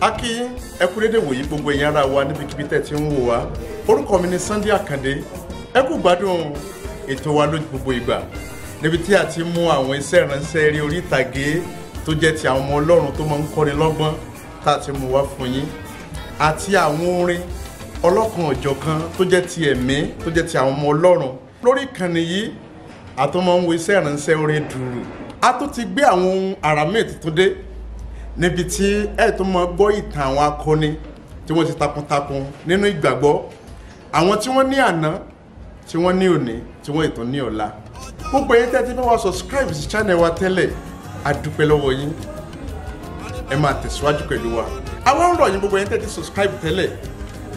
akí ẹ kú dédé wòyí gbogbo ẹ̀yin ará wa níbikíbi tẹ́ ti ń wò wá orúkọ mi ni Sunday Akande ẹ kú gbádùn ètò wa lójú gbogbo ìgbà níbi tí a ti mú àwọn iṣẹ́ ìránṣẹ́ eré orí ìtàgé tó jẹ́ ti àwọn ọmọ Ọlọ́run tó máa ń kọ́ni lọ́gbọ́n tá a ti mú wá fún yín àti àwọn orin ọlọ́kan ọ̀jọ̀kan tó jẹ́ ti ẹ̀mí tó jẹ́ ti àwọn ọmọ Ọlọ́run lórí ìkànnì yìí àtọ́ máa ń wo iṣẹ́ ìránṣẹ́ orin dùrù a tún ti gbé àwọn ohun àrà míì dé níbi tí ẹ tó mọ gbọ́ ìtàn àwọn akọni tí wọ́n ti takuntakun nínú ìgbàgbọ́ àwọn tí wọ́n ní àná tí wọ́n ní òní tí wọ́n ìtàn ní ọ̀la gbogbo yín tẹ́tí fẹ́ wá subscribe sí channel wa tẹ́lẹ̀ a dúpẹ́ lọ́wọ́ yín ẹ máa tẹ̀síwájú pẹ̀lú wa àwọn ń yín gbogbo yín tẹ́tí subscribe tẹ́lẹ̀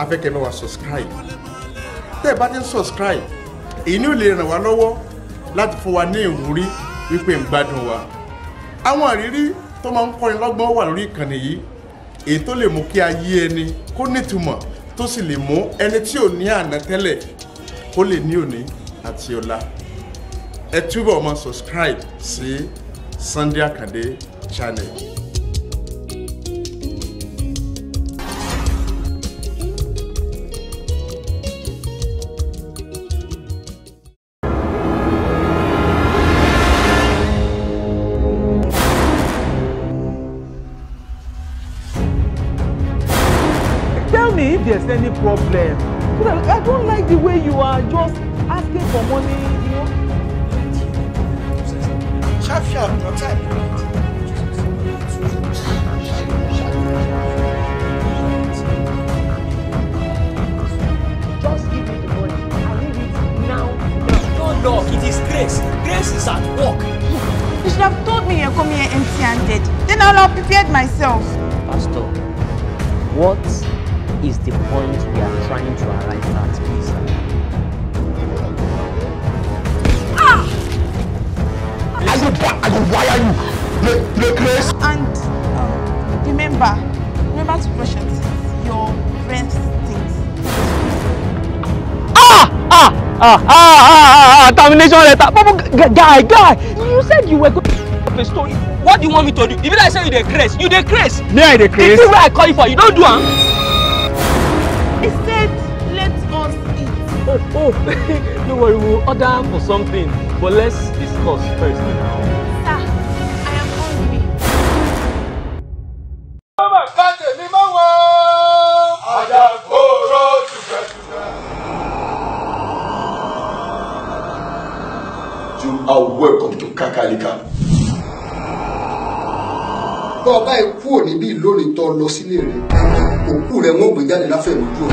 afẹ́kẹ́ fẹ́ wá subscribe tẹ́ ẹ bá ti ń subscribe èyí ni ò lè ràn wá lọ́wọ́ láti fún wa ní ìwúrí wípé ń gbádùn wa àwọn àrírí tó máa ń kọ́ni lọ́gbọ́n wà lórí ìkànnì yìí èyí tó lè mú kí ayé ẹni kó nítumọ̀ tó sì lè mú ẹni tí ò ní àná tẹ́lẹ̀ kó lè ní òní àti ọ̀la ẹ túbọ̀ máa subscribe sí Sunday Akande channel. there's any problem. I, I don't like the way you are just asking for money, you know. Sharp, sharp, time. Just give me the money. I need it now. No, no, it is grace. Grace is at work. You should have told me you come here empty-handed. Then I'll have prepared myself. Pastor, what is the point we are trying to arrive at, please. Ah! I will, I will wire you. The, the grace. And um, remember, remember to brush your teeth. Your friends' things. Ah! Ah! Ah! Ah! Ah! ah, Ah! termination letter. Guy, guy, you said you were good. a story. What do you want me to do? Even I say you the grace, you the grace. Me I the grace. This is where I call you for, you don't do am. Huh? oh, don't worry, we'll order for something. But let's discuss first. Sir, I am hungry. Mama, can't tell me, I am Boro You are welcome to Kakalika. Bọ́ ọba ẹ̀ kúrò níbí lónìí tó lọ sílé rẹ̀, òkú rẹ̀ wọ́n gbé jáde láfẹ̀ẹ́ lójú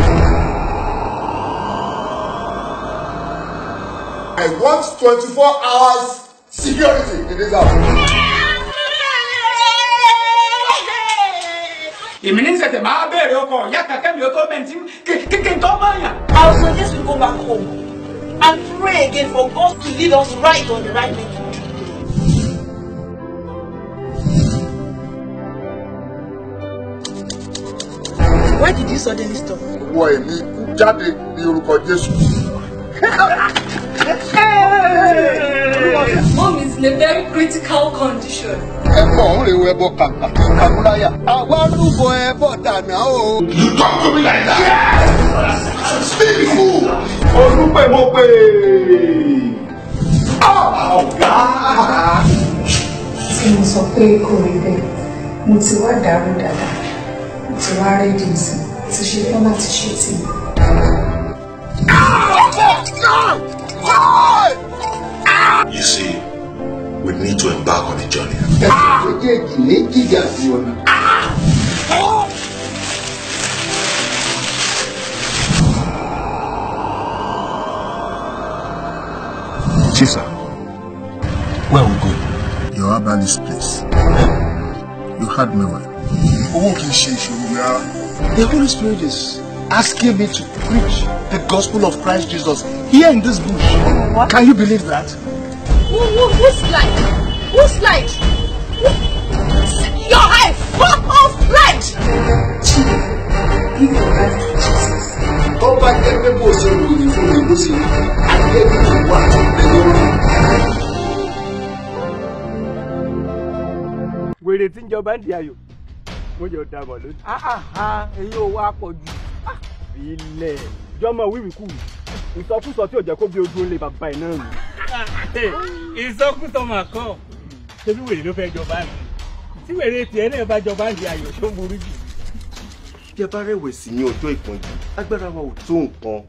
I want 24 hours security in this house. èmi ní sẹ̀tẹ̀ máa bẹ̀rẹ̀ ọkọ̀ ìyá kàkẹ́ mi ó tó mẹ́ntì kíkì tó mọ̀yàn. I suggest we go back home and pray again for God to lead us right on the right way. Why did you suddenly stop? Wọ èmi kú jáde ní orúkọ Jésù. Mom is in a very critical condition. Ẹ̀fọ́ ń rèwọ ẹbọ kàkà kàmúráyà. Àwa rúbọ ẹbọ dànà o. You talk to me like that. Yes! Speak fool. Olúpẹ̀ mo pè é. Ọ̀gá. Tí mo sọ pé kò rí bẹ́ẹ̀, mo ti wá dàrú dáadáa, mo ti wá rédí ìsìn, ti ṣe tán láti ṣe tì mí. You see, we need to embark on a journey. Chisa, where we going? Your Abali's place. You heard me well. The Holy Spirit is asking me to preach the gospel of Christ Jesus here in this bush. What? Can you believe that? Who, who, Who's slide? Who slide? Who? Your high Fuck off! Slide! Give your life to Jesus. Ọba gẹ́gẹ́ bó ṣe rò ní fún mi bó ṣe rí. Àgbẹ̀bí ti wá lẹ́yìn ọ̀rọ̀. Wèrè tí ń jọba ń di ayò, mo yọ dàbọ̀ lónìí. Ah, ah, ah, Èyí ò wá pọ̀ jù. Ilẹ̀ jọmọ wíwìkú ìsọkúsọ tí ò jẹ́ kó bí ojú ó lè bàbá ẹ̀ náà nù ìsọkúsọ mà kọ́ tẹ́bí wèrè ló fẹ́ jọba mi tí wèrè tiẹ̀ náà bá jọba ní ayọ̀ tó burú jù. bí ẹ bá rẹ̀wẹ̀sì ní ọjọ́ ìpọ́njú agbára wa ò tó nǹkan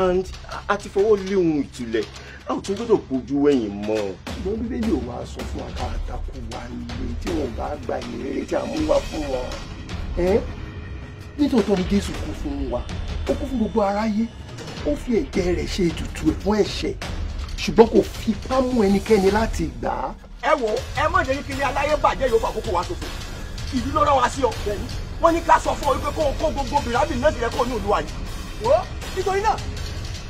and a ti fọwọ́ lé ohun ìtulẹ̀ a ò tún gbọ́dọ̀ kojú ẹ̀yìn mọ́. ṣùgbọ́n bíbélì ò máa sọ fún àká àtakò wa nílé tí wọn bá gba ìrere tí a mú wá fún wọn. nítòótọ́ ni jésù kú fún wa ó kú fún gbogbo aráyé ó fi ẹ̀jẹ̀ rẹ̀ ṣe ètùtù ẹ̀ fún ẹ̀ṣẹ̀ ṣùgbọ́n kò fi ipá mú ẹnikẹ́ni láti gbà á. ẹ wo ẹ mọ̀ jẹ́ kí ilé aláyé bàjẹ́ yóò fàkókò wa ṣòfò ìlú ló rán wa sí ọ wọ́n ní ká sọ fún ọ wípé kó o kó gbogbo bìrábì náà sì yẹ kó o ní olúwa yìí. wo nítorí náà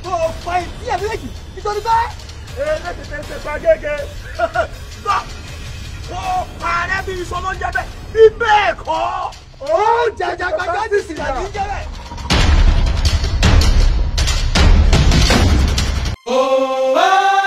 kó o fa ìdí ẹ̀ méjì nítorí bẹ́ẹ̀. ee láti fẹ́ ṣe pa gẹ́gẹ́ gbọ́ kó o parẹ́ bí sọmọ́jẹ́ bẹ́ẹ̀ bí bẹ́ẹ̀ kọ́. ó jàjàgbá gáàsì sì là ní oh. oh. oh.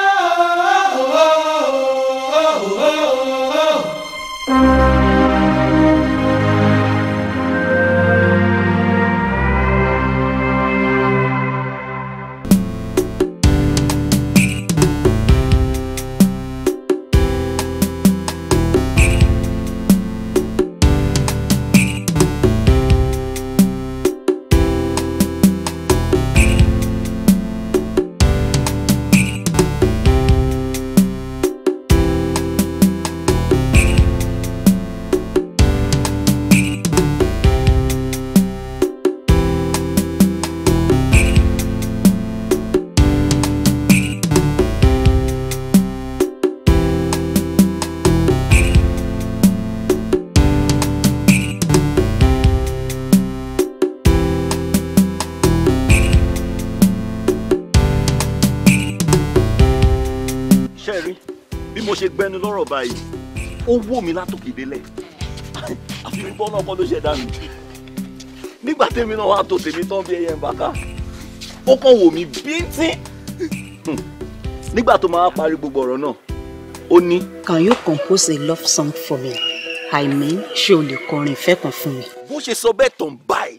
lẹ́nu lọ́rọ̀ báyìí ó wò mí látòkè délẹ̀ àfi náà kọ́ ló ṣẹ̀dá mi nígbà tèmi náà wà tó tèmi tán bí ẹyẹ ìbáká ó kàn wò mí bíntín nígbà tó máa parí gbogbo ọ̀rọ̀ náà ó ní. Can you compose a love song for me? I mean ṣé o lè kọrin ìfẹ́ kan fún mi. bó ṣe sọ bẹ́ẹ̀ tàn báyìí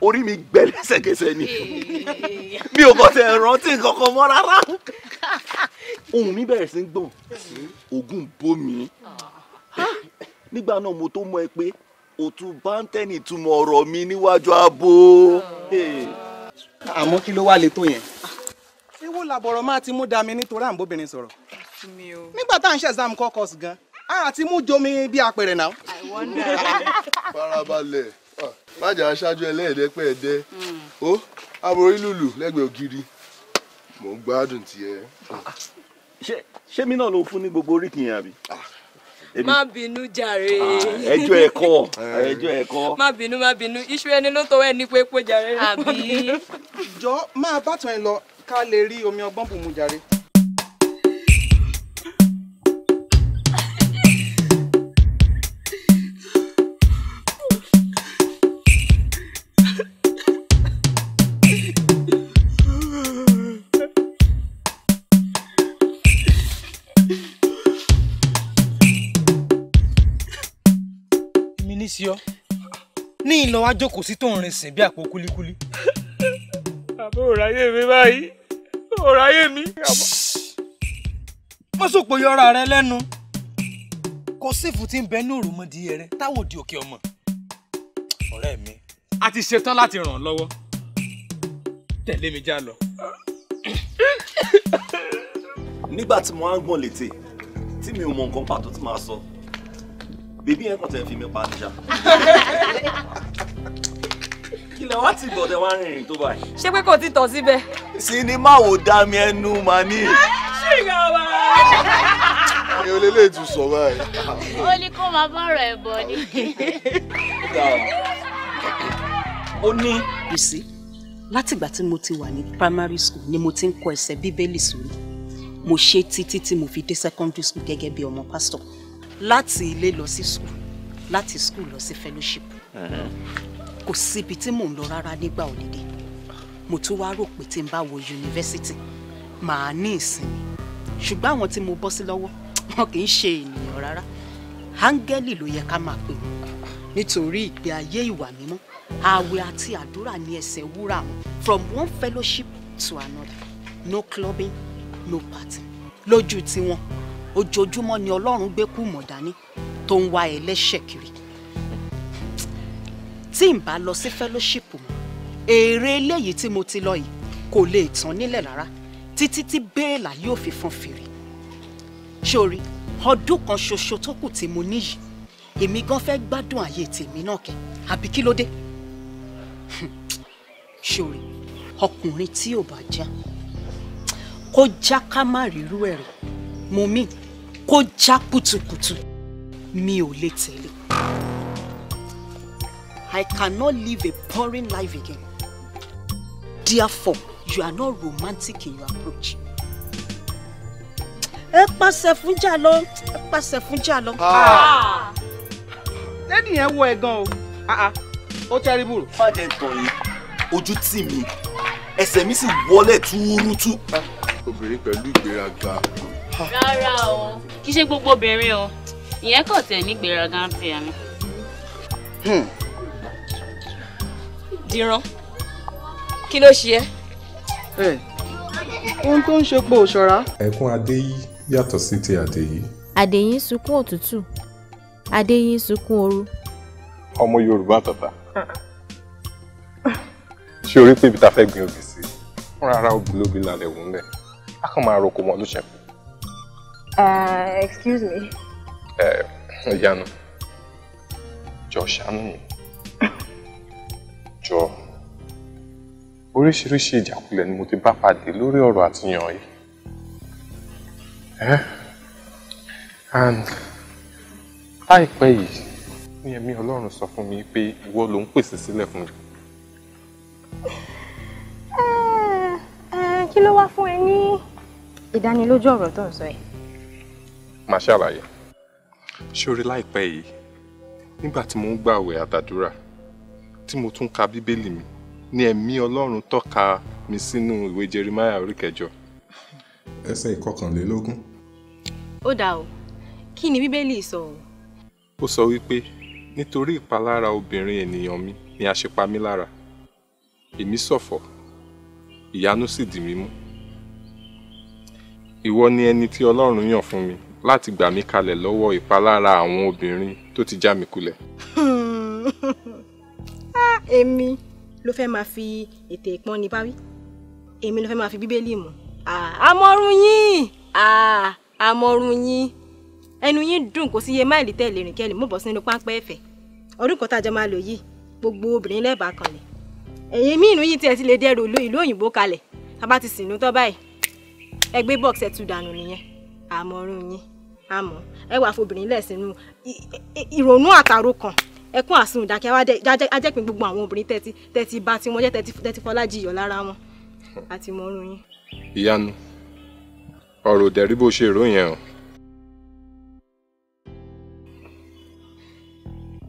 orí mi gbẹ lẹ́sẹ̀kẹsẹ̀ ni mi ò kọsẹ̀ rántí kankan mọ́ rárá ohùn mi bẹ̀rẹ̀ sí Ogun ògùn bomi nígbà náà mo tó mọ̀ ẹ pé òtún báńtẹ́nì túmọ̀ ọ̀rọ̀ mi níwájú abo. àmọ́ kí ló wá le tó yẹn. ewu làbọ̀rọ̀ máa ti mú da mi nítorí à ń bóbìnrin sọ̀rọ̀ nígbà tá à ń ṣe exam kọ́kọ́sì gan-an àti mú jomi bí apẹ̀rẹ̀ náà. farabalẹ̀ májà aṣáájú ẹlẹ́ẹ̀dẹ́pẹ́ ẹ̀dẹ́ ó aborí lùlù lẹ́gbẹ̀ẹ́ ògiri mò ń gbádùn tiẹ̀. ṣé mi náà ló fún ní gbogbo oríkì yẹn àbí. Ah. má bínú jàre. Ah, ẹjọ́ ẹ̀kọ́ ẹjọ́ ẹ̀kọ́. má bínú má bínú iṣu ẹni ló tọwọ́ ẹ ní pé pé jàre. àbí. jọ máa bá tàn ẹ lọ ká lè rí omi ọgbọ́n bù jàre. sí ọ ní ìlọ wá jókòó sí tó ń rin sìn bí àpò kúlíkúlí. àbí òráyé mi báyìí òráyé mi. wọ́n sòpò yọra rẹ lẹ́nu kò sífù tí ń bẹ ní òròmọdìyẹ rẹ táwọn òdì òkè ọmọ ọ̀rẹ́ mi a ti ṣetán láti ràn ọ́ lọ́wọ́ tẹ̀lé mi já lọ. nígbà tí mo á ń gbọ̀n létè tí mi ò mọ nǹkan pàtó tí màá sọ. So bèbí yẹn kàn tẹ́ fi mi pa níjà. kílẹ̀ wá ti gbọ̀dẹ̀ wá rìnrìn tó báyìí. ṣé pé kò ti tọ̀ síbẹ̀. sinimá wo dá mi ẹnu màá ní. ṣìgbọ́n mi ò lè lè tún sọ báyìí. ó ní kó máa bọ̀rọ̀ ẹ̀ bọ̀ ni. ó ní. kò látìgbà tí mo ti wà ní primary school ni mo ti ń kọ ẹsẹ̀ bíbélì sórí mo ṣe títí tí mo fi dé secondary school gẹ́gẹ́ bí ọmọ pásítọ̀ láti ilé lọ sí school láti school lọ sí fellowship kò síbi tí mò ń lọ rárá nígbà òlìdí mo tún wá rò pé tí n bá wo yunifásitì màá ní ìsinmi ṣùgbọ́n àwọn tí mo bọ́ sí lọ́wọ́ wọn kì í ṣe ènìyàn rárá áńgẹ́lì ló yẹ ká máa pè wọ́n nítorí ìgbé ayé ìwà mímọ́ ààwẹ̀ àti àdúrà ní ẹsẹ̀ wúrà wọn from one fellowship to another no clubbing no party lójú tiwọn ojoojúmọ́ ni ọlọ́run gbé kú mọ̀ dání tó ń wá ẹlẹ́ṣẹ̀ kiri tí n bá lọ sí fellowship mọ́ èrè eléyìí tí mo ti lọ yìí kò lè tán nílẹ̀ rárá títí tí bẹ́ẹ̀là yóò fi fọn fèrè sórí ọdún kan ṣoṣo tó kù tí mo níyì èmi gan fẹ́ gbádùn ààyè tèmi náà kẹ àbí kí ló dé sórí ọkùnrin tí ò bá já kó já ká má rírú ẹ̀ rẹ̀ mo mí kó já kùtùkùtù mi ò lè tẹ̀lé. I cannot live a boring life again. Therefore, you are not romantic in your approach. Ẹ pàṣẹ fún jà lọ, ẹ pàṣẹ fún jà lọ. Ah. Ah. Lẹ́dí yẹn wọ ẹ̀ gan o, ah, ó tẹ́rìbù. Fàjẹ̀ tọ̀ yìí, ojú tì mí, ẹsẹ̀ mi sì wọlé túrútú. Obìnrin pẹ̀lú ìgbéraga rárá o kì í ṣe gbogbo obìnrin o ìyẹn kàn tẹ̀ ní gbéraga ń fẹ́ mi. Hmm. dìran kí ló ṣe ẹ́. Eh, ohun tó ń ṣe pé òṣọra. ẹkún adéyí yàtọ̀ sí ti àdèyí. àdèyí ń sunkún òtútù adéyí ń sunkún ooru. ọmọ yorùbá tata ṣé o rí pé ibi tá a fẹ́ gbin obì sí fúnra ara obìlóbi lálẹ́ òun lẹ̀ a kàn máa roko mọ́ ló ṣẹ̀kù. Uh, excuse me. Eh, Jano. Jọ ṣàánú mi. Jọ. Oríṣiríṣi ìjàkulẹ̀ ni mo ti bá pàdé lórí ọ̀rọ̀ Eh? And láìpẹ́ yìí ní ẹ̀mí Ọlọ́run sọ fún mi pé ìwọ ló ń pèsè sílẹ̀ fún mi. Eh, eh, kí ló wá fún ẹ ní ìdánilójú ọ̀rọ̀ tó ń sọ yìí? máa ṣàlàyé. ṣorí láìpẹ́ yìí nígbà tí mo ń gbàwẹ̀ àtàdúrà tí mo tún ka bíbélì mi ni ẹ̀mí ọlọ́run tọ́ka mi sínú ìwé Jeremiah orí kẹjọ. ẹsẹ̀ ìkọkànlélógún. ó dà o kí ni bíbélì sọ o. ó sọ wípé nítorí ìpalára obìnrin ènìyàn mi ni a ṣe pa mí lára èmi ṣọ̀fọ̀ ìyanu sì dì mí mú ìwọ ni ẹni tí ọlọ́run yàn fún mi láti gbà mí kalẹ̀ lọ́wọ́ ìpalára àwọn obìnrin tó ti já mi kulẹ̀. Ah, èmi ló fẹ́ máa fi ètè ìpọ́nni báwí èmi ló fẹ́ máa fi bíbélì mú ah, àmọ́rún yín ah, àmọ́rún yín ẹnu yín dùn kò sí iye máìlì tẹ̀lé rìn kẹ́lì mú bọ́ sínú páńpẹ́ ẹ̀fẹ̀ ọdún kan tàjọ máa lò yìí gbogbo obìnrin lẹ́ẹ̀bà kan lẹ̀ ẹ̀yìn mí inú yìí tiẹ̀ ti lè dẹrù ìlú òyìnbó kalẹ̀ tá a ti sìnú tọ́ báyìí ẹgbẹ́ bọ́ọ̀sì ẹ̀ tún dànù nìyẹn àmọ́rún yín àmọ́ ẹ wàá fobìnrin lẹ̀ sínú ìrònú àtàrò kan ẹkún àsun ìdákẹ́ ajẹ́pin gbogbo àwọn obìnrin tẹ́tí tẹ́tí bá tí wọ́n jẹ́ tẹ́tí fọlájìyọ̀ lára wọn àti mọ́rún yín. ìyanu ọ̀rọ̀ òdẹ rí bó ṣe rò yẹn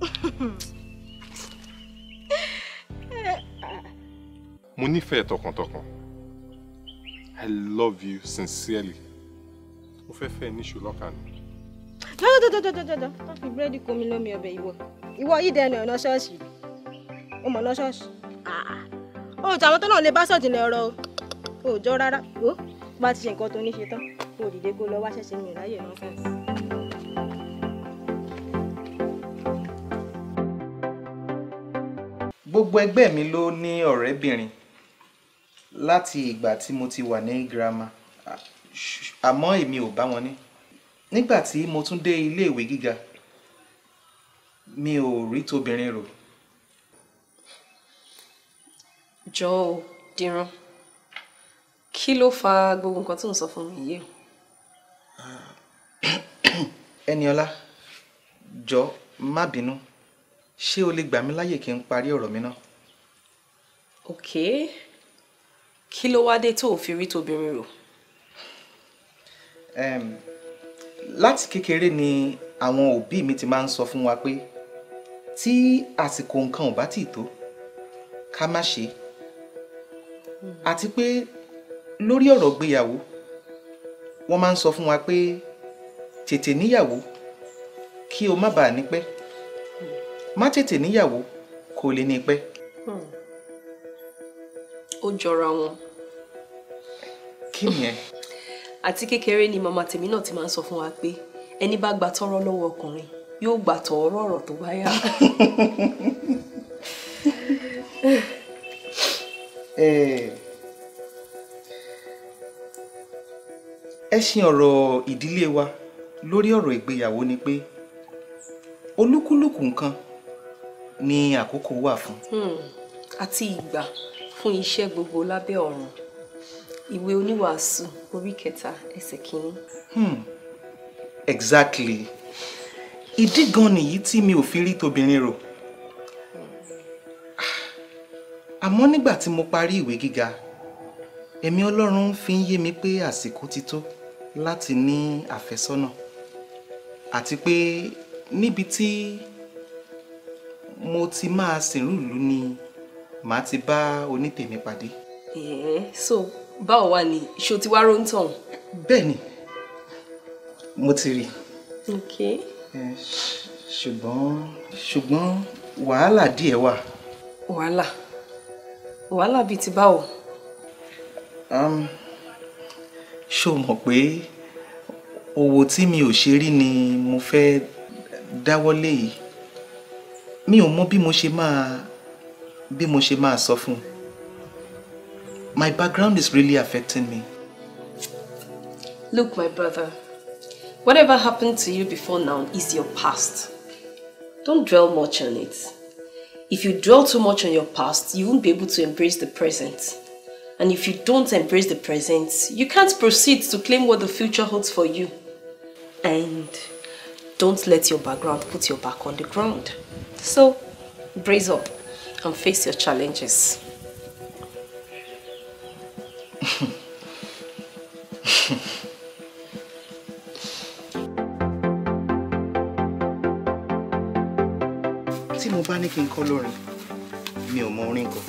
mo nífẹ̀ẹ́ tọkàntọkàn I love you sincerely mo fẹ́ fẹ́ níṣu lọ́kàn ni. dọ́dọ̀dọ̀dọ̀dọ̀dọ̀ wọ́n fi búrẹ́dì kó mi lómi ọbẹ̀ ìwọ ìwọ yìí dẹnu ọ̀nà ṣọ́ọ̀ṣì o mọ̀ ọ̀nà ṣọ́ọ̀ṣì ah, ah. o oh, tàwọn tó náà lè bá sọ̀tìlẹ̀ ọ̀rọ̀ o oh, jọ rárá o oh, bá ti ṣe nǹkan tó ní ṣe tán o dìde kó lọ wá ṣẹ̀ṣẹ̀ mi ráyè nọ́fẹ̀ẹ́sì. gbogbo ẹgbẹ́ mi ló ní ọ̀rẹ́bìnrin láti ìgbà tí mo ti wà ní girama àmọ́ èmi ò bá wọn ní nígbà tí mo tún dé iléèwé gíga mi ò rí tóbìnrin rò. jọ ò dìran kí ló fa gbogbo nǹkan tó ń sọ fún mi yìí o. ẹniọlá jọ má bínú ṣé o lè gbà mí láyè kí n parí ọ̀rọ̀ mi náà. ok kí ló wá dé tó o fi rí tóbìnrin rò láti kékeré ni àwọn òbí mi ti máa ń sọ fún wa pé tí àsìkò nǹkan ò bá tì tó ká má ṣe àti pé lórí ọ̀rọ̀ gbéyàwó wọ́n máa ń sọ fún wa pé tètè níyàwó kí o má bàa nípẹ́ má tètè níyàwó kó lè nípẹ́. Hmm. ó jọra wọn. kí ni ẹ àti kékeré ni màmá tèmi náà ti máa ń sọ fún wa pé ẹni bá gba tọ́rọ́ lọ́wọ́ ọkùnrin yóò gbà tọ́rọ́ ọ̀rọ̀ tó bá yá. Eh, ẹṣin ọ̀rọ̀ ìdílé wa lórí ọ̀rọ̀ ìgbéyàwó ni pé olúkúlùkù nǹkan ni àkókò wà fún. Hmm, àti ìgbà fún iṣẹ́ gbogbo lábẹ́ ọ̀run ìwé oníwàásù orí kẹta ẹsẹ̀ kìíní. Hmm, exactly ìdí gan nìyí tí mi ò fi rí tobìnrin rò ah, àmọ́ nígbà tí mo parí ìwé gíga ẹ̀mí ọlọ́run fi ń yé mi pé àsìkò ti tó láti ní àfẹ́sọ́nà àti pé níbi tí mo ti máa sìnrú ìlú ni màá ti bá onítèmi pàdé. ẹ̀ẹ́ so báwo wá ni ìṣó ti wá róńtàn. bẹ́ẹ̀ ni mo ti rí i ṣùgbọ́n ṣùgbọ́n wàhálà díẹ̀ wà. wàhálà wàhálà bíi ti báwo. ṣó mọ̀ pé owó tí mi ò ṣe rí ni mo fẹ́ dáwọ́lé yìí mi ò mọ bí mo ṣe máa bí mo ṣe máa sọ fún un my background is really affecting me. Look, my brother, whatever happened to you before now is your past. Don't dwell much on it. If you dwell too much on your past, you won't be able to embrace the present. And if you don't embrace the present, you can't proceed to claim what the future holds for you. And don't let your background put your back on the ground. So, brace up and face your challenges. tí mo bá ní kí n kọ́ lórin mi ò mọ orin kọ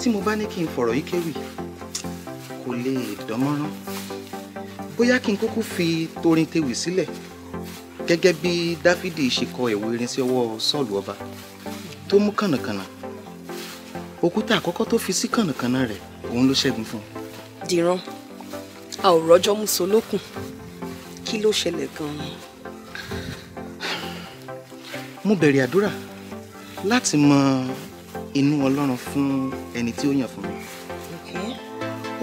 tí mo bá ní kí n fọ̀rọ̀ yìí kéwì kò lè dánmọ́rán bóyá kí n kúkú fi torin tewì sílẹ̀ gẹ́gẹ́ bí dáfídì ṣe kọ ìwé irin sí ọwọ́ sọ́ọ̀lù ọba tó mú kànàkànà òkúta àkọ́kọ́ tó fi sí kànàkànà rẹ̀ òun ló ṣẹ́gun fún un. dìran a ò rọjọ́ muso lókun kí ló ṣẹlẹ̀ gan-an. mo bẹ̀rẹ̀ àdúrà láti mọ inú ọlọ́run fún ẹni tí ó yàn fún mi.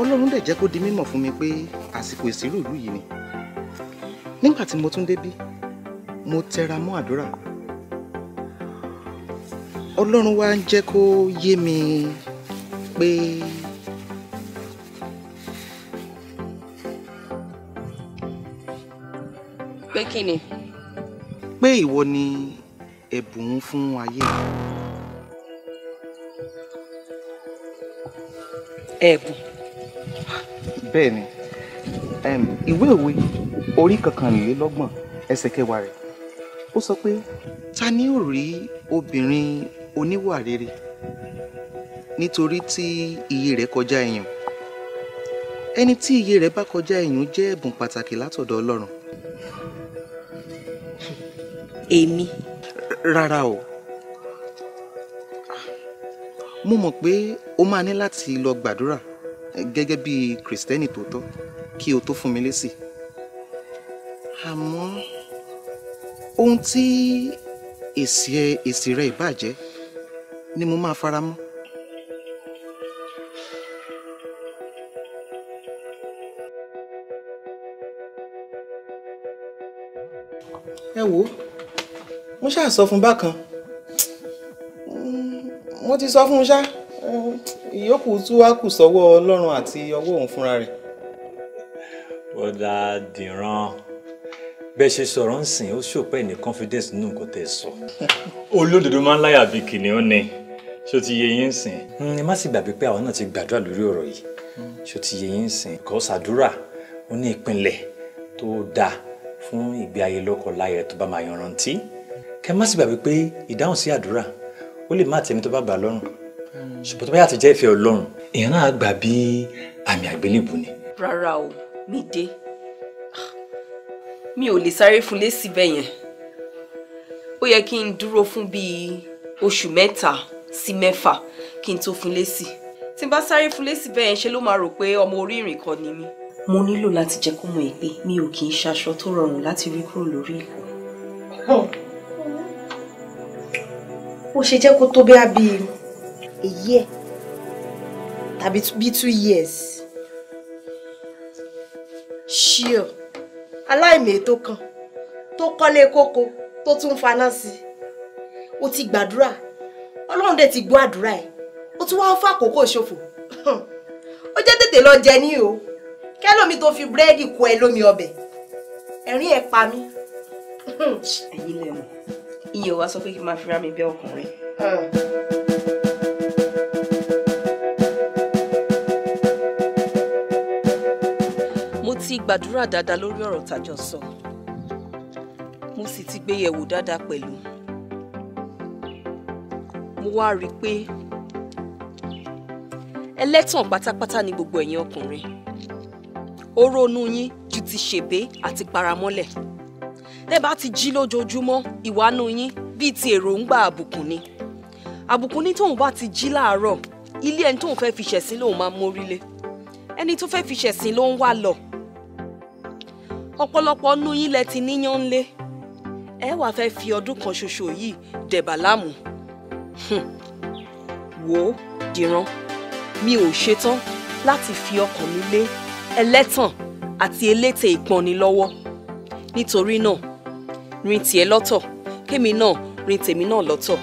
ọlọ́run dẹ̀ jẹ́ kó di mímọ̀ fún mi pé àsìkò ìṣirò ìlú yìí ni. nígbà tí mo tún débí mo tẹra mọ́ àdúrà ọlọ́run wá ń jẹ́ kó yé mi pé. Pe kí ni. pé ìwọ ni ẹ̀bùn ń fún ayé rẹ. ẹ̀bùn. bẹ́ẹ̀ ni ìwé òwe orí kankanlélọ́gbọ̀n ẹsẹ̀ kẹwàá rẹ̀ ó sọ pé ta ni ó rí obìnrin oníwà rere nítorí tí iye rẹ̀ kọjá èèyàn ẹni tí iye rẹ̀ bá kọjá èèyàn jẹ́ ẹ̀bùn pàtàkì látọ̀dọ̀ Ọlọ́run èmi. rárá o mo mọ̀ pé o máa ní láti lọ gbàdúrà gẹ́gẹ́ bí kìrìsìtẹ́nì tòótọ́ kí o tó fún mi lésì àmọ́ ohun tí èsì ẹ èsì rẹ ìbàjẹ́ ni mo máa fara mọ́. ẹ wo mo ṣáà sọ fún bákan mm, mo ti sọ fún un ṣá ìyókù tún wá kù sọ́wọ́ ọlọ́run àti ọwọ́ òun fúnra rẹ̀. bọ́dà dìran bẹ́ẹ̀ ṣe sọ̀rọ̀ ń sìn ó ṣòpẹ́ ní confidence nínú nǹkan tẹ̀ sọ. olódodo máa ń láyà bíi kìnìún ni ṣó ti yẹ yín sìn. Hmm, ẹ má sì gbàgbé pé àwọn náà ti gbàdúrà lórí ọ̀rọ̀ yìí ṣó ti yẹ yín sìn. because àdúrà ó ní ìpínlẹ̀ tó dáa fún ìgbé ayé lọ́kọ̀ọ́láyẹ̀ tó bá máa yanrantí kẹ má sì gbàgbé pé ìdáhùn sí àdúrà ó lè má tẹ̀mí tó bá bà lọ́rùn ṣùgbọ́n tó bá yàtọ̀ jẹ́ ìfẹ́ ọlọ́run èèyàn náà gbà bí àmì àgbélébù ni. rárá o mi dé mi ò lè sáré fún lé síbẹ̀ yẹn ó yẹ kí n dúró fún bíi oṣù mẹ́ta sí mẹ́fà kí n tó fún lé tí n bá sáré fún lé síbẹ̀ yẹn ṣe ló máa rò pé ọmọ orí ìrìn kan ni mí. mo nílò láti jẹ́ kó mọ̀ ẹ́ mi ò kì í ṣaṣọ tó rọrùn láti rí kúrò lórí ipò. ó ṣe jẹ́ kó tó bí àbí a year tàbí bí two years ṣíọ aláìmètò kan tó kọ́lé kókó tó tún faná sí ó ti gbàdúrà ọlọ́run dẹ̀ ti gbọ́ àdúrà ẹ̀ ó tún wáá fàkókò ṣòfò ó jẹ́ tètè lọ jẹ ní o kẹ́lómi tó fi búrẹ́dì kó ẹ lómi ọbẹ̀ ẹ̀rín ẹ̀ pa mí. ẹ̀yin lẹ́mọ̀ iye wa sọ pé kí n máa fi rá mi bẹ ọkùnrin. mo ti gbàdúrà dáadáa lórí ọ̀rọ̀ tàjọ sọ mo sì ti gbé yẹ̀wò dáadáa pẹ̀lú mo wá rí i pé ẹlẹ́tàn pátápátá ni gbogbo ẹ̀yin ọkùnrin ó ronú yín ju ti ṣèbé àti paramọ́lẹ̀ tẹ́ bá ti jí lójoojúmọ́ ìwánú yín bíi ti èròǹgbà àbùkù ni àbùkù ní tóun bá ti jí láàárọ̀ ilé ẹni tóun fẹ́ fi ṣẹ̀sín lòun máa mórí lé ẹni tó fẹ́ fi ṣẹ̀sín ló ń wá lọ ọ̀pọ̀lọpọ̀ nú yín lẹ ti níyàn ń lé ẹ wàá fẹ́ fi ọdún kan ṣoṣo yìí dẹ̀bà láàmú wò ó dìran mi ò ṣetán láti fi ọkàn mi lé ẹlẹ́tàn àti elétè ìpọ́nni lọ́wọ́ nítorí náà rin tiẹ̀ lọ́tọ̀ kémi náà rin tèmi náà lọ́tọ̀.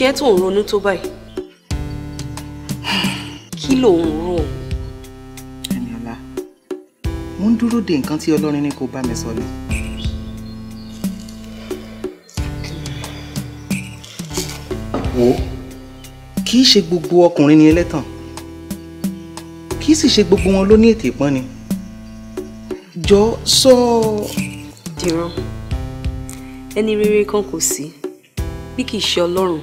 ṣe é tó ń ronú tó báyìí kí ló ń rò ń dúró de nǹkan tí ọlọ́run ní kó bá mi sọ ni. wo kì í ṣe gbogbo ọkùnrin ni ẹlẹ́tàn kì í sì ṣe gbogbo wọn ló ní ètè ìpọ́nni jọ sọ. dìran ẹni rere kan kò sí bí kì í ṣe ọlọ́run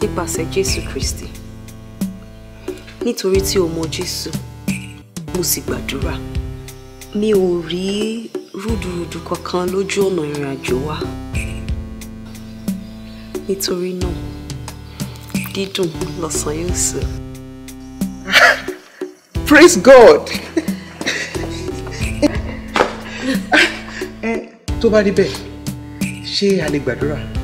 nípasẹ̀ jésù kristi nítorí tí o mọ jésù mo sì gbàdúrà mi ò rí rúdurùdu kankan lójú ọ̀nà ìrìn àjò wa nítorí náà dídùn lọ́sàn yóò sọ. Praise God. Eh, tó bá rí bẹ́ẹ̀ ṣé a lè gbàdúrà.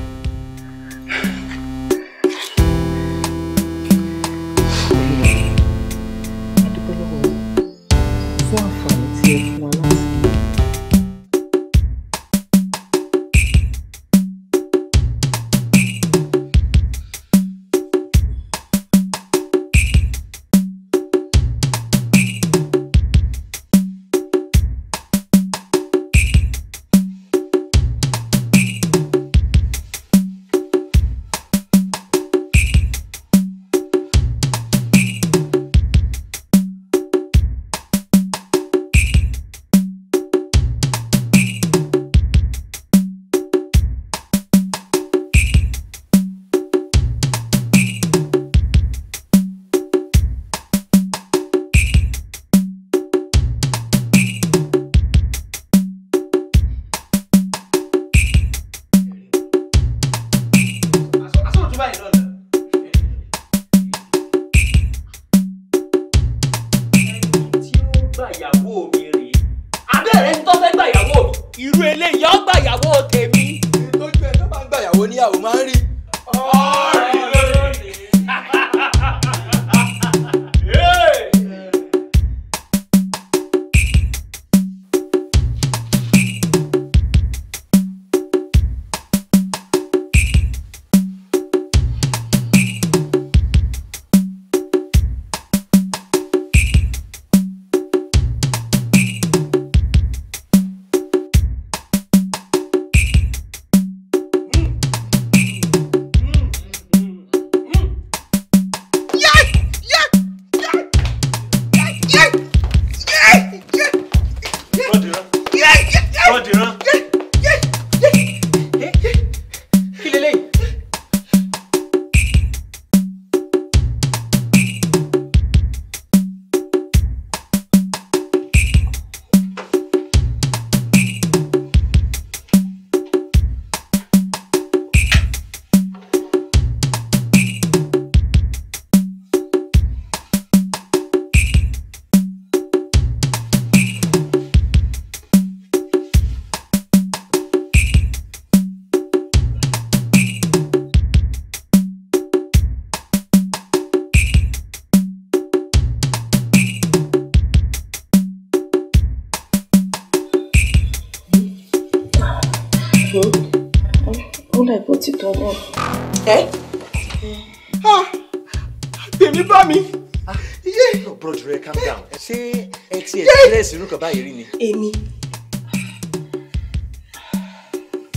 báyìí rí ni. èmi.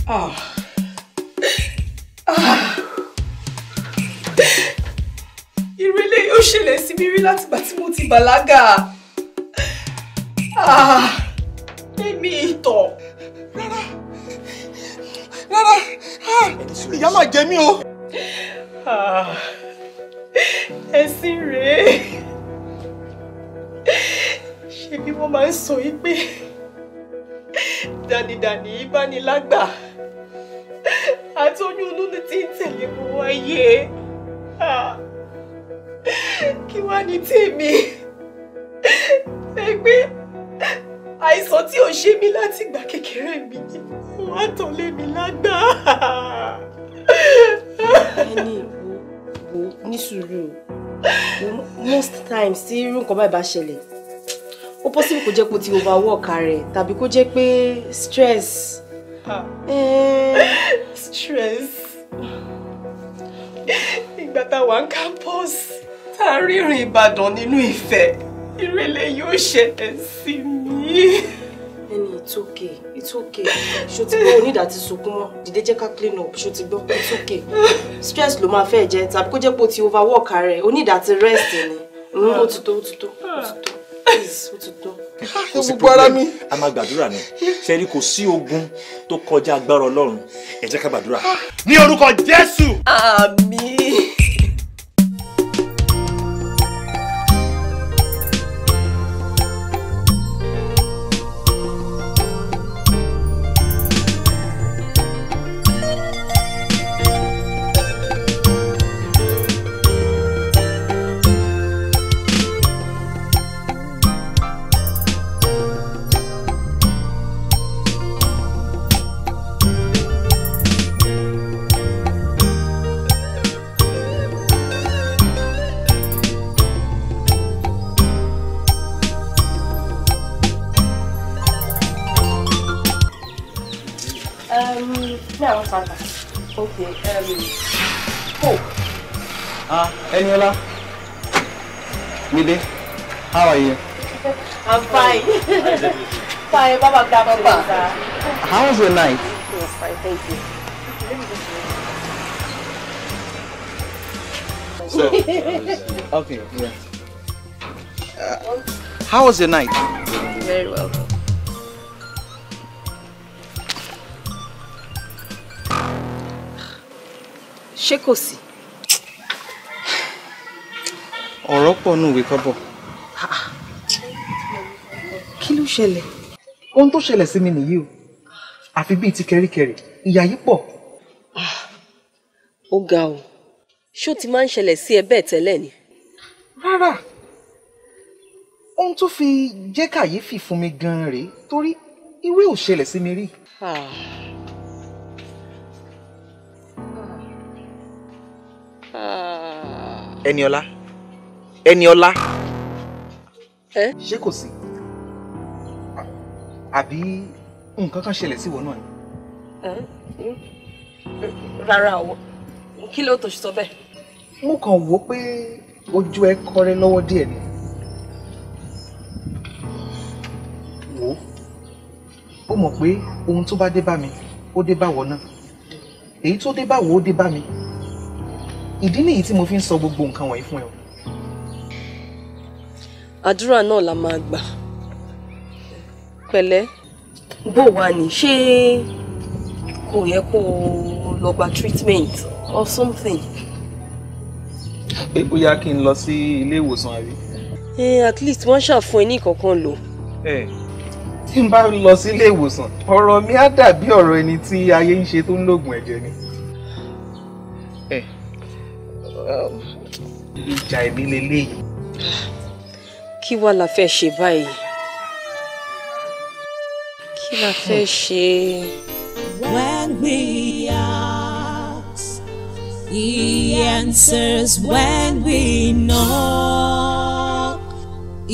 ah ah irú eléyìí ó ṣẹlẹ̀ sí mi rí látìgbà tí mo ti bàlágà ah. èmi ìtọ̀. rárá rárá ah. ìyá máa jẹ mí o. ìdà ní ìbánilágbà àti oyún olóni tí ń tẹ̀lé mọ́ wáyé kí wá ní tèmi ẹgbẹ́ àìsàn tí ò ṣe mí láti ìgbà kékeré mi wá tán lé mi lágbà. ẹni ìwò ní sùúrù most times tí irú nǹkan báyìí bá ṣẹlẹ̀ ó possible kó jẹ́ pé ti overwork rẹ̀ tàbí kó jẹ́ pé stress. Ah. Eh. stress ìgbà tá a campus tá a rìnrìn Ìbàdàn nínú ìfẹ́ ìrẹ̀lẹ̀ yóò ṣẹlẹ̀ sí mi. ẹni it's okay it's okay ṣó ti gbọ́ onídàá ti sunkún mọ́ dìde jẹ́ ká clean up ṣó ti gbọ́ it's okay stress ló máa fẹ́ jẹ tàbí kó jẹ́ pé ti overwork rẹ̀ onídàá ti rest ni. Ah. Mm, ó ti tó ó ó ti ah, gbọ́ ara mi. a máa gbàdúrà ni sẹ́rí kò sí ogun tó kọjá agbára ọlọ́run ẹ jẹ́ ká gbàdúrà. Ah. ní orúkọ jésù. àmín. Eniola? Mide? How are you? I'm fine. fine, Baba Papa. How was your night? It was fine, thank you. So, okay, yeah. Uh, how was your night? Very well. Ṣé ọ̀rọ̀ pọ̀ nù ìwé kọ́bọ̀. kí ló ṣẹlẹ̀. ohun tó ṣẹlẹ̀ sí mi nìyí o àfi bíi ti kẹríkẹrí ìyà yìí pọ̀. ó ga o ṣó ti máa ń ṣẹlẹ̀ sí ẹ bẹ́ẹ̀ tẹ́lẹ̀ ni. rárá ohun tó fi jẹ́ kàyéfì fún mi gan-an rèé torí ìwé ò ṣẹlẹ̀ sí mi rí. Ah. Eniola. Ah ẹni ọlá ṣé kò sí àbí nǹkan kan ṣẹlẹ̀ sí ìwọ náà ni. rárá o kí ló tó ṣe sọ bẹ́ẹ̀. mo kàn wò ó pé ojú ẹ kọrẹ lọ́wọ́ díẹ̀ ni. wò ó ó mọ̀ pé ohun tó bá dé bá mi ó dé báwọ náà èyí tó dé báwọ ó dé bá mi ìdí nìyí tí mo fi ń sọ gbogbo nǹkan wọ̀nyí fún ẹ o àdúrà náà la máa gbà pẹ̀lẹ́. bó wà ní ṣé kò yẹ kó lọ gba treatment or something. pé bóyá kí n lọ sí ilé ìwòsàn àbí. at least wọ́n ṣàfún ẹ ní ìkọ̀kan lò. ẹ tí n bá lọ sí ilé ìwòsàn ọ̀rọ̀ mi á dàbí ọ̀rọ̀ ẹni tí ayé ń ṣe tó ń lògùn ẹ̀jẹ̀ ni. Um, ìjà ẹ̀mí lélẹ́yìí. kí la fẹ́ ṣe báyìí kí la fẹ́ ṣe. When we ask, he answers when we knock.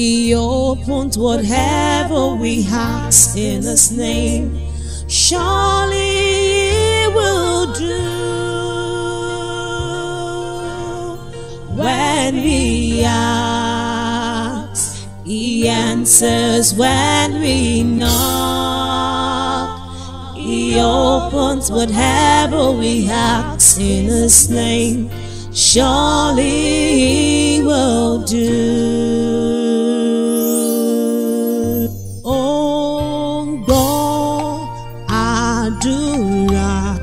He opens whatever we ask in his name. Surely he will do. When we ask. He answers when we knock. He opens whatever we ask in His name. Surely He will do. Oh God, Adura,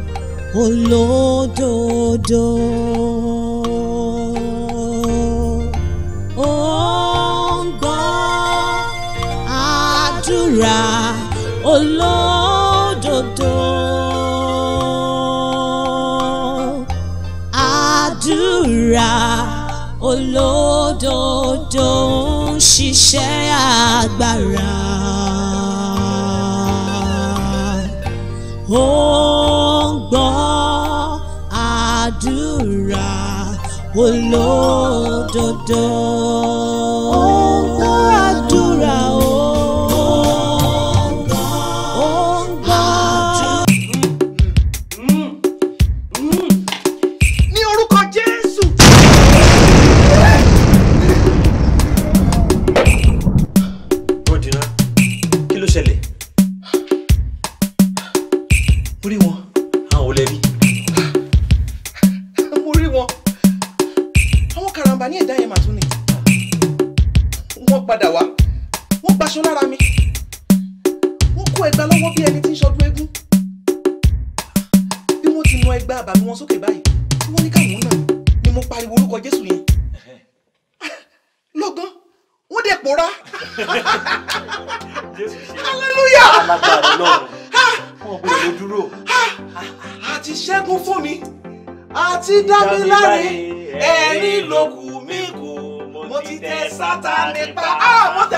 oh, Oh olódodo. Àdúrà olódodo ń ṣiṣẹ́ agbára. Ó ń gbọ́ àdúrà olódodo. hallelujah. alágbára ọlọ́run wọn kò lè dúró. àti ṣẹ́gun fún mi àti dámiláre ẹ̀rín lókù mi kù mo ti tẹ sátani pa ah! mo tẹ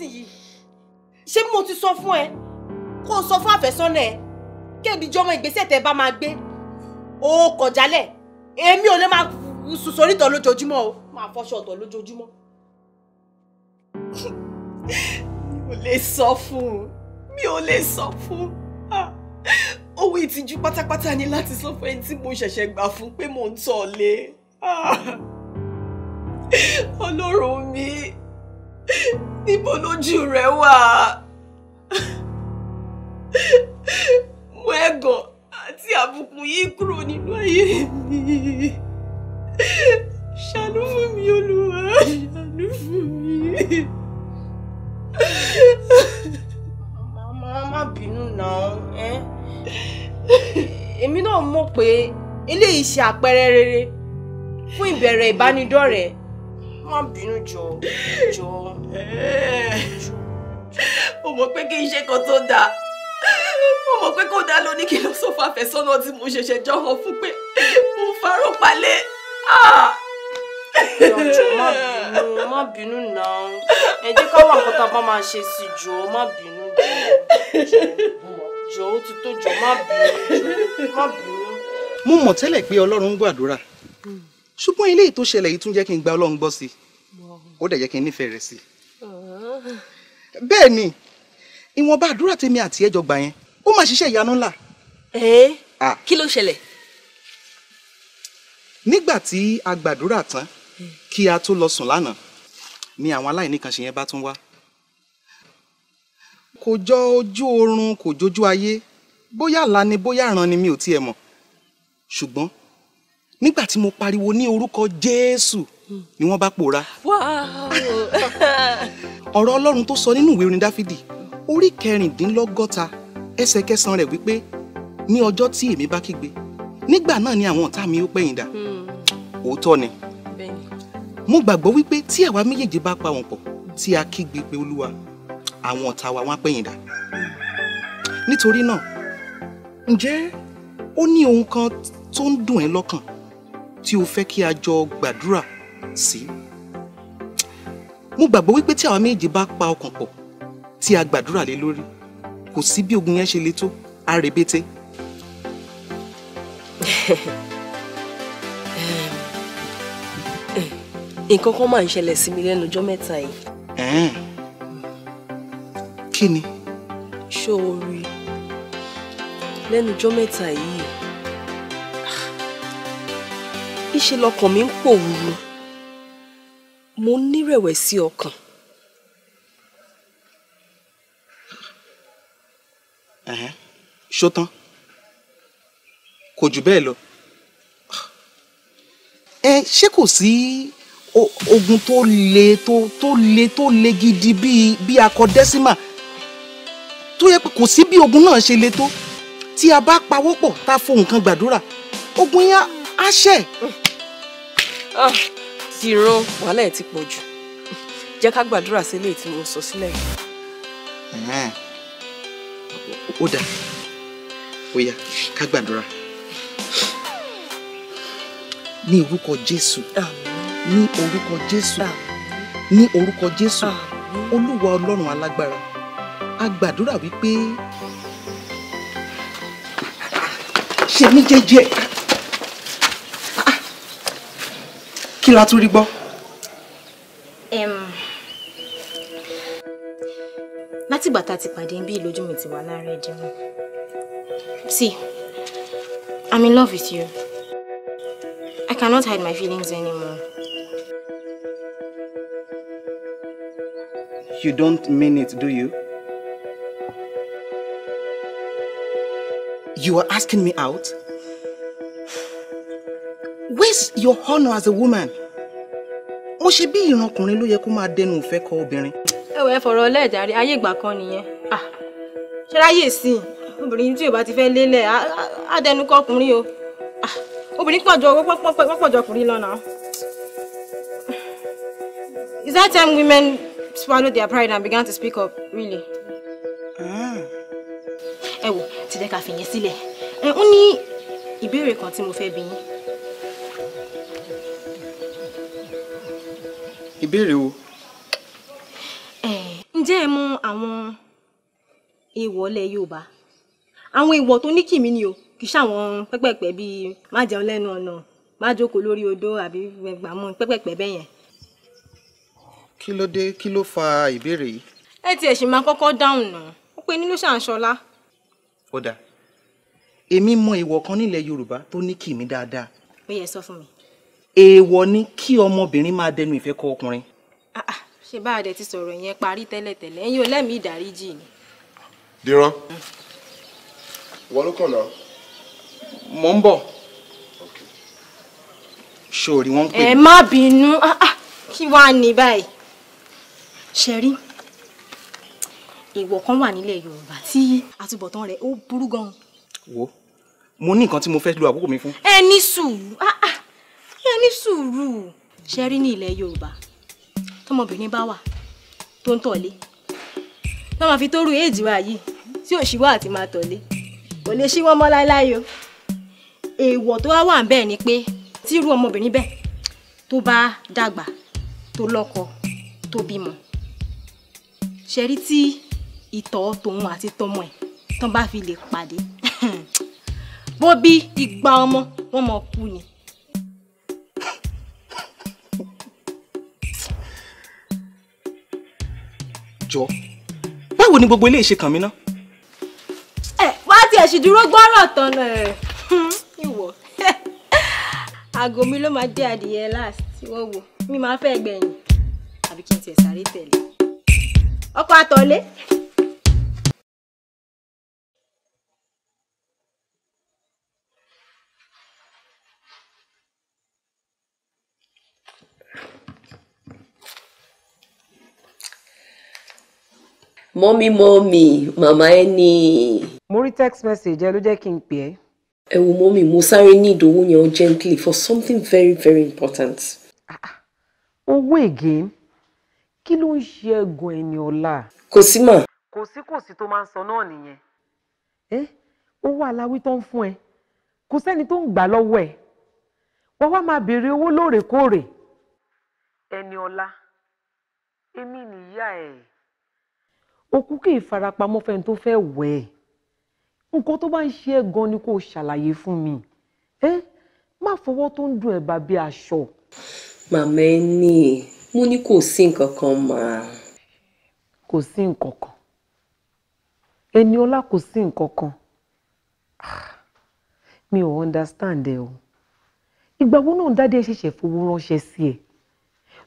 nísìnyí ṣé mo ti sọ fún ẹ kó o sọ fún àfẹ́sọ́nà ẹ kébi jọmọ ìgbésẹ̀ tẹ bá máa gbé o kọjálẹ̀ èmi ò lè máa sùn sórí ìtọ̀ lójoojúmọ́ o máa fọṣọ ọ̀tọ̀ lójoojúmọ́. mi ò lè sọ fún un mi ò lè sọ fún un ah! owó ìtìjú pátápátá ni láti sọ fún ẹni tí mo ṣẹ̀ṣẹ̀ gbà fún pé mò ń tọ̀ lé ah! ọlọ́run mi níbo lójú rẹ wà mú ẹ̀gàn àti àbùkù yìí kúrò nínú ayé mi ṣàánú fún mi olúwa ṣàánú fún mi. màmá má bínú náà ẹ èmi náà mọ̀ pé eléyìí ṣe àpẹẹrẹ rere fún ìbẹ̀rẹ̀ ìbánidọ́rẹ̀ẹ́ má bínú jọ jọ. o mọ̀ pé kí iṣẹ́ kan tó dáa o mọ̀ pé kò dáa lóní kí lọ sọ́fà àfẹ́sọ́nà tí mo ṣẹ̀ṣẹ̀ jọ hàn fún pé mo farò palẹ̀. Ah! jọjọ má bínú má bínú náà ẹ jẹ́ ká wà nǹkan tá a bá máa ṣe sí jọ má bínú jọ ó ti tó jọ má bínú jọ má bínú. mo mọ̀ tẹ́lẹ̀ pé ọlọ́run ń gbàdúrà. Mm ṣùgbọ́n eléyìí tó ṣẹlẹ̀ yìí tún jẹ́ kí n gba Ọlọ́run gbọ́ sí i ó dẹ̀ jẹ́ kí n nífẹ̀ẹ́ rẹ̀ sí i. Uh. bẹ́ẹ̀ ni ìwọ̀nba àdúrà tèmi àti ẹjọ́ gbà yẹn ó máa ṣiṣẹ́ ìyanu ńlá. ẹ eh? kí ló ṣẹlẹ̀. nígbà tí a gbàdúrà tán hmm. kí a tó lọ sùn lánàá ni àwọn aláìní kan ṣe yẹn bá tún wá. kò jọ ojú oorun kò jójú ayé bóyá àlá bóyá ìran ni mi ò tiẹ̀ mọ̀ ṣùgbọ́n nígbà tí mo pariwo ní orúkọ jésù ni wọ́n bá pòórá. ọ̀rọ̀ ọlọ́run tó sọ nínú ìwé orin dáfídì orí kẹrìndínlọ́gọ́ta ẹsẹ̀ kẹsàn-án rẹ̀ wípé ní ọjọ́ tí èmi bá kígbe nígbà náà ni àwọn ọ̀tá mi ó pẹ̀yìn dà hmm. òótọ́ ni mo gbàgbọ́ wípé tí àwa méjèèjì bá pa wọn pọ̀ tí a kígbe pé olúwa àwọn ọ̀tá wa wọn á pẹ̀yìn dà nítorí náà ǹjẹ́ ó ní ohun kan tó ń dùn ẹ́ lọ́kàn tí o fẹ́ kí a jọ gbàdúrà sí. mo gbàgbọ́ wípé tí àwa méjì bá pa ọkàn pọ̀ tí a gbàdúrà lé lórí kò sí bí ogun yẹn ṣe le tó a rebete. nǹkan kan máa ń ṣẹlẹ̀ sí mi lẹ́nu ọjọ́ mẹ́ta yìí. kí ni. ṣó o rí lẹ́nu ọjọ́ mẹ́ta yìí ìṣe lọkàn mi ń pòrúru mo nírẹ̀wẹ̀sì ọkàn. ṣó tán kò jù bẹ́ẹ̀ lọ ẹ ṣé kò sí ogun tó le tó tó le tó le gidi bíi bíi akọ dẹ́símà tó yẹ pé kò sí bí ogun náà ṣe le tó tí a bá pawọ́pọ̀ tá a fohùn kan gbàdúrà ogun yẹn á ṣẹ̀. dìrò wàhálà ẹ̀ ti pọ̀ jù jẹ́ ká gbàdúrà sí eléyìí tí mo sọ sílẹ̀ yìí. ó dà ó yá ká gbàdúrà ní orúkọ Jésù ní orúkọ Jésù ní orúkọ Jésù olúwa ọlọ́run alágbára a gbàdúrà wípé ṣe mí jẹ́jẹ́. kí la tún rí gbọ́. látìgbà tá a ti pàdé bí ìlójú mi ti wà lára ẹ̀jẹ̀ wọn see i'm in love with you i cannot hide my feelings anymore. You don't mean it, do you? You are asking me out? where's your honour as a woman? mo ṣe bí ìran ọkùnrin ló yẹ kó máa dẹnu ìfẹ́ kọ obìnrin. ẹ wọ ẹ fọ̀rọ̀ ọlẹ́ẹ̀dárí ayé ìgbà kan nìyẹn ṣe ráyè sí i obìnrin tí ò bá ti fẹ́ lélẹ̀ á dẹnu kọ ọkùnrin o obìnrin pọ̀jọ owó pọ̀jọ ọkùnrin lọ́nà. Is that time women swallowed their pride and began to speak up really? Ah. ẹ wò ti jẹ́ ká fìyẹn sílẹ̀ ó ní ìbéèrè kan tí mo fẹ́ bi yín. ìbéèrè o. ǹjẹ́ ẹ mọ àwọn èèwọ̀ ilẹ̀ Yorùbá àwọn èèwọ̀ tó ní kìmí ni o kì í ṣàwọn pẹ́pẹ́pẹ́ bíi má jẹun lẹ́nu ọ̀nà má jókòó lórí odó àbí gbàmú pẹ́pẹ́pẹ́ bẹ́ẹ̀ yẹn. kí ló dé kí ló fa ìbéèrè yìí. ẹ tiẹ̀ sì máa kọ́kọ́ dáhùn nà ó pe nílò ṣàǹṣọlá. ó dáa èmi mọ èèwọ̀ kan nílẹ̀ Yorùbá tó ní kìmí dáadáa. ó yẹ sọ fún mi èèwọ̀ ni kí ọmọbìnrin máa dẹnu ìfẹ́ kọ ọkùnrin. Ah, ah, ṣé bá a dẹ̀ ti sọ̀rọ̀ yẹn parí tẹ́lẹ̀tẹ́lẹ̀ ẹ̀yin ò lẹ́mìí ìdáríjì ni. dìran mm. wọ́n ló kàn náà. mò ń bọ̀ sórí wọn ń pè. ẹ má bínú ah, kí wàá ní báyìí ṣẹ̀rí ìwọ̀ kan wà nílẹ̀ yorùbá tí àtúbọ̀tán rẹ̀ ó burú gan-an. wo mo ní nǹkan tí mo fẹ́ lo àkókò mi fún. ẹ sùúrù ní sùúrù ṣe rí ní ilẹ̀ yorùbá tọmọbìnrin bá wà tó ń tọ̀lé náà máa fi tó rú èèjì wa yìí tí ò ṣíwọ́ àti máa tọ̀lé kò lè ṣíwọ́ mọ́ láéláé o èèwọ̀ tó wá wà ń bẹ́ẹ̀ ni pé tí irú ọmọbìnrin bẹ́ẹ̀ tó bá dàgbà tó lọ́kọ tó bímọ ṣe rí tí ìtọ̀ tòun àti tọmọ ẹ̀ tán bá fi lè pàdé bó bí igba ọmọ wọn mọ kú ni jọ báwo ni gbogbo eléyìí ṣe kàn mí ná. ẹ wá tiẹ̀ sì dúró gbọ́rọ̀ tán ẹ̀ ìwọ aago mi ló máa dé adìyẹ last wọ́n wò mi máa fẹ́ gbẹ̀yìn àbí kí n tiẹ̀ sáré tẹ̀lé ọkọ̀ àtọ̀lé. mọ́mí mọ́mí màmá ẹ ní. mo rí text message ẹ ló jẹ́ kí n pè ẹ́. ẹ wo mọ́mí mo sáré ní ìdòwú yẹn gently for something very very important. Ah, ah. owó oh, again kí ló ń ṣe ẹ̀gùn ẹni ọ̀la. kò sí mà. kò sí kò sí tó máa ń sọ náà nìyẹn. ẹ owó aláwí tó ń fún ẹ kò sẹ́ni tó ń gbà lọ́wọ́ ẹ̀ wọ́n wá máa béèrè owó lóòrèkóòrè. ẹni ọlá èmi nìyá ẹ̀ òkú kì í farapamọ́ fẹ́ni tó fẹ́ wẹ̀ ẹ́ nǹkan tó bá ń ṣe ẹ́ gan ni kò ṣàlàyé fún mi ẹ má fọwọ́ tó ń dùn ẹ̀ bá bí aṣọ. màmá ẹ ní mo ní kò sí nǹkan kan máa. kò sí nǹkan kan ẹni ọlá kò sí nǹkan kan ah, mi ò understand ẹ o ìgbà náà dáadé ṣẹ̀ṣẹ̀ fowó ránṣẹ́ sí ẹ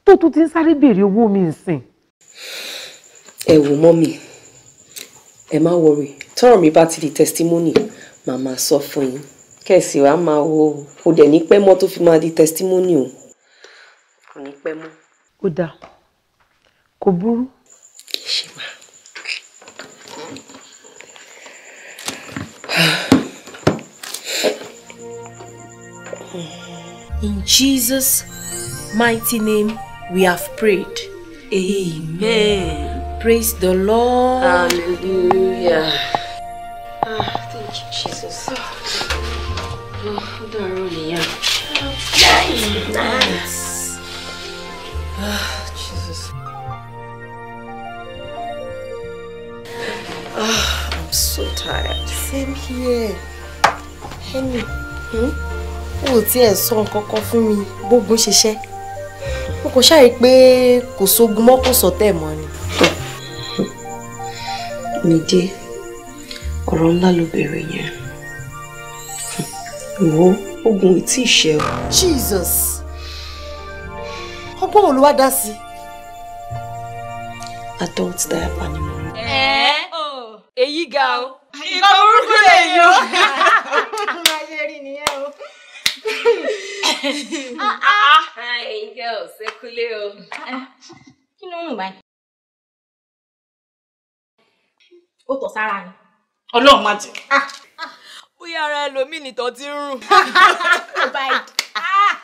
tó tún ti ń sáré béèrè owó mi ń sìn ẹ wò mọ́ mi ẹ má wọrí tọ́rọ̀ mi bá ti di testimony màá máa sọ fún yín kẹ̀sì wàá máa wo kò dẹ̀ ní pẹ́ mọ́ tó fi máa di testimony o kò ní pẹ́ mọ́. ó dáa kò burú. kì í ṣe máa. In Jesus' mighty name, we have prayed. Amen. Praise the Lord. Hallelujah. Ah, thank you, Jesus. Oh, ó Nice, nice. Ah, Jesus. Ah, I'm so tired. Same here. Henry, hmm? o ti ẹ̀ sọ nǹkan kan fún mi bógun ṣiṣẹ́. Mo kò ṣàrí pé kò sógun mi ọ̀rọ̀ ńlá ló bèrè yẹn hm, wo ogun ìtí ìṣe o. Jesus ọgbọ́n wo ló wá dá sí. adult diaper ni mo. ẹ ẹ o èyí ga o. ìkọ burúkú lèyí o. máa ṣe rí nìyẹn o. ah ah. ẹ̀yin kẹ́ ọ̀ sẹ́kúlé o. kí ló ń wà ní. ó tọ̀ sára ni. ọlọ́run má jẹ́. Ah, ah. bóyá ara ẹlòmíì nìtọ́ ti ń rùn. Ah.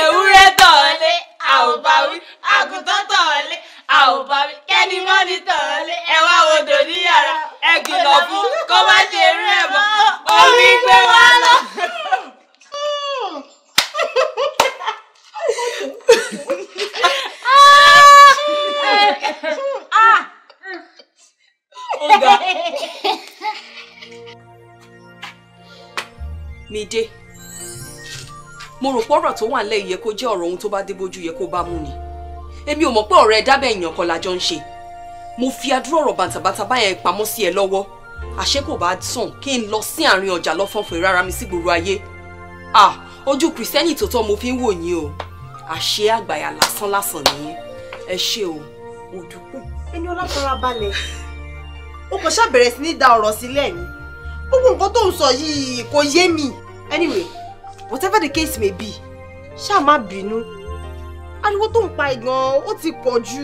ewúrẹ́ tọ̀ọ́lé àwòbáwí àgùntàn tọ̀ọ́lé àwòbáwí kẹ́ni mọ́ni tọ̀ọ́lé ẹ̀wá odò ní yàrá ẹ̀kìlọ̀ fún kó má ṣe eré ẹ̀ mọ́ omi gbé wá lọ. ah! ó ga. Mide mo rò pọ́rọ̀ tó wà nílẹ̀ yẹ kó jẹ́ ọ̀rọ̀ ohun tó bá dé bójú yẹ kó bá mú ni èmi ò mọ̀ pé ọ̀rẹ́ dábẹ́ èèyàn kan la jọ ń ṣe mo fi adúrò ọ̀rọ̀ bàtàbàtà báyẹn pamọ́ sí ẹ lọ́wọ́ àṣé kò bá sàn kí n lọ sí àárín ọjà lọ́fọ̀nfọ̀ rárá mi sí gbòòrò ayé ah ojú kìrìsìtẹ́nì tó tọ́ mo fi ń wò yín o àṣé àgbàyà lásán lásán nìyẹn ẹ ṣé o òdùkú ẹni ọlá balẹ̀ o kò ṣàbẹ̀rẹ̀ sí ní da ọ̀rọ̀ sílẹ̀ ni gbogbo nǹkan tó ń sọ yìí kò yé mi anyway whatever the case may be ṣáà má bínú ariwo tó ń pa ìgan ó ti pọ̀ jù.